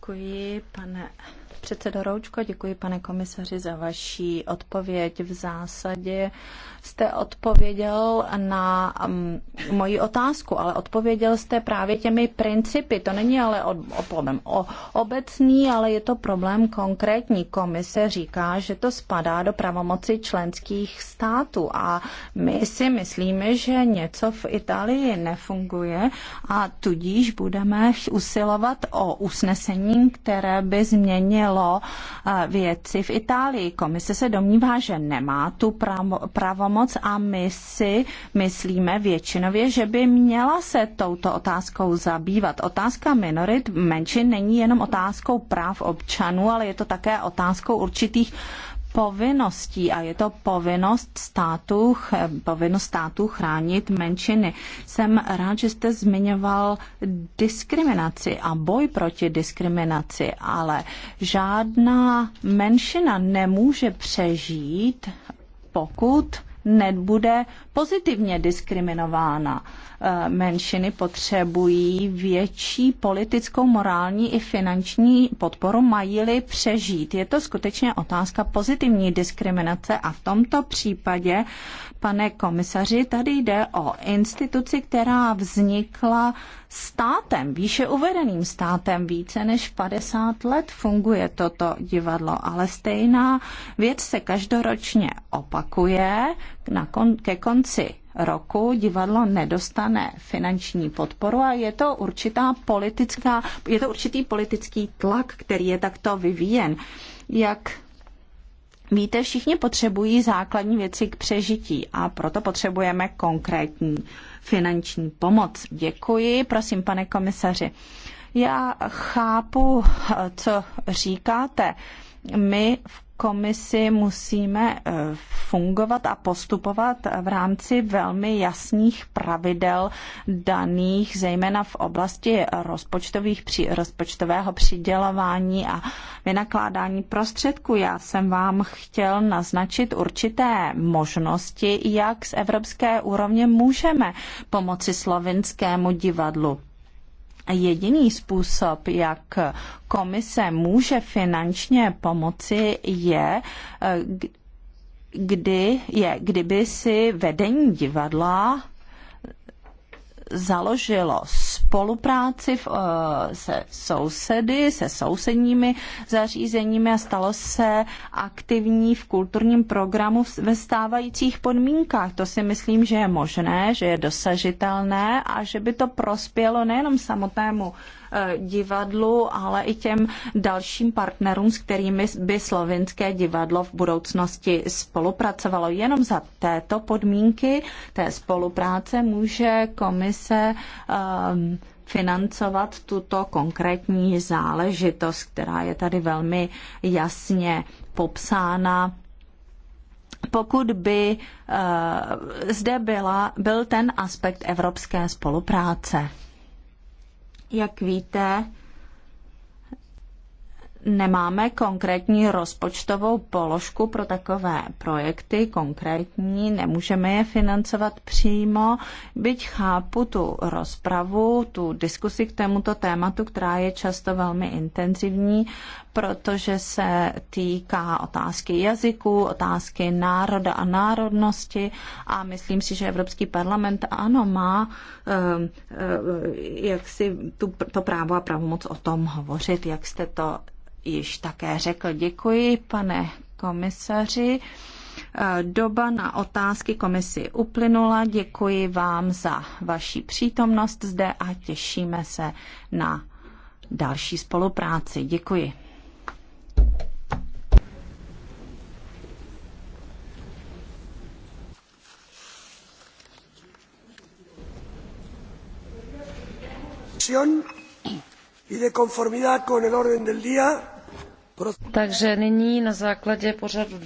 Děkuji, pane Předsedo Roučko, děkuji pane komisaři za vaši odpověď. V zásadě jste odpověděl na um, moji otázku, ale odpověděl jste právě těmi principy. To není ale o, o problém o, obecný, ale je to problém konkrétní. Komise říká, že to spadá do pravomoci členských států a my si myslíme, že něco v Itálii nefunguje a tudíž budeme usilovat o usnesení, které by změnilo zpomalilo eh, věci v Itálii. Komise se domnívá, že nemá tu pravomoc a my si myslíme většinově, že by měla se touto otázkou zabývat. Otázka minorit menšin není jenom otázkou práv občanů, ale je to také otázkou určitých povinností a je to povinnost státu, povinnost státu chránit menšiny. Jsem rád, že jste zmiňoval diskriminaci a boj proti diskriminaci, ale žádná menšina nemůže přežít, pokud nebude pozitivně diskriminována. Eh, menšiny potřebují větší politickou, morální i finanční podporu, mají-li přežít. Je to skutečně otázka pozitivní diskriminace a v tomto případě, pane komisaři, tady jde o instituci, která vznikla státem, výše uvedeným státem, více než 50 let funguje toto divadlo, ale stejná věc se každoročně opakuje na kon, ke konci roku divadlo nedostane finanční podporu a je to určitá politická, je to určitý politický tlak, který je takto vyvíjen. Jak Víte, všichni potřebují základní věci k přežití a proto potřebujeme konkrétní finanční pomoc. Děkuji, prosím, pane komisaři. Já chápu, co říkáte. My v komisi musíme eh, fungovat a postupovat v rámci velmi jasných pravidel daných, zejména v oblasti rozpočtových, při, rozpočtového přidělování a vynakládání prostředků. Já jsem vám chtěl naznačit určité možnosti, jak z evropské úrovně můžeme pomoci slovinskému divadlu Jediný způsob, jak komise může finančně pomoci, je eh, kdy je, kdyby si vedení divadla založilo spolupráci v, eh, se sousedy, se sousedními zařízeními a stalo se aktivní v kulturním programu ve stávajících podmínkách. To si myslím, že je možné, že je dosažitelné a že by to prospělo nejenom samotnému Eh, divadlu, ale i těm dalším partnerům, s kterými by slovinské divadlo v budoucnosti spolupracovalo. Jenom za této podmínky té spolupráce může komise um, financovat tuto konkrétní záležitost, která je tady velmi jasně popsána pokud by uh, zde byla, byl ten aspekt evropské spolupráce. Jak víte, nemáme konkrétní rozpočtovou položku pro takové projekty, konkrétní, nemůžeme je financovat přímo, byť chápu tu rozpravu, tu diskusi k tomuto tématu, která je často velmi intenzivní, protože se týká otázky jazyku, otázky národa a národnosti a myslím si, že Evropský parlament ano má eh, eh, jak si tu, to právo a pravomoc o tom hovořit, jak jste to již také řekl. Děkuji, pane komisaři. Doba na otázky komisi uplynula. Děkuji vám za vaši přítomnost zde a těšíme se na další spolupráci. Děkuji. y de conformidad con el orden del día takže nyní na základě pořadu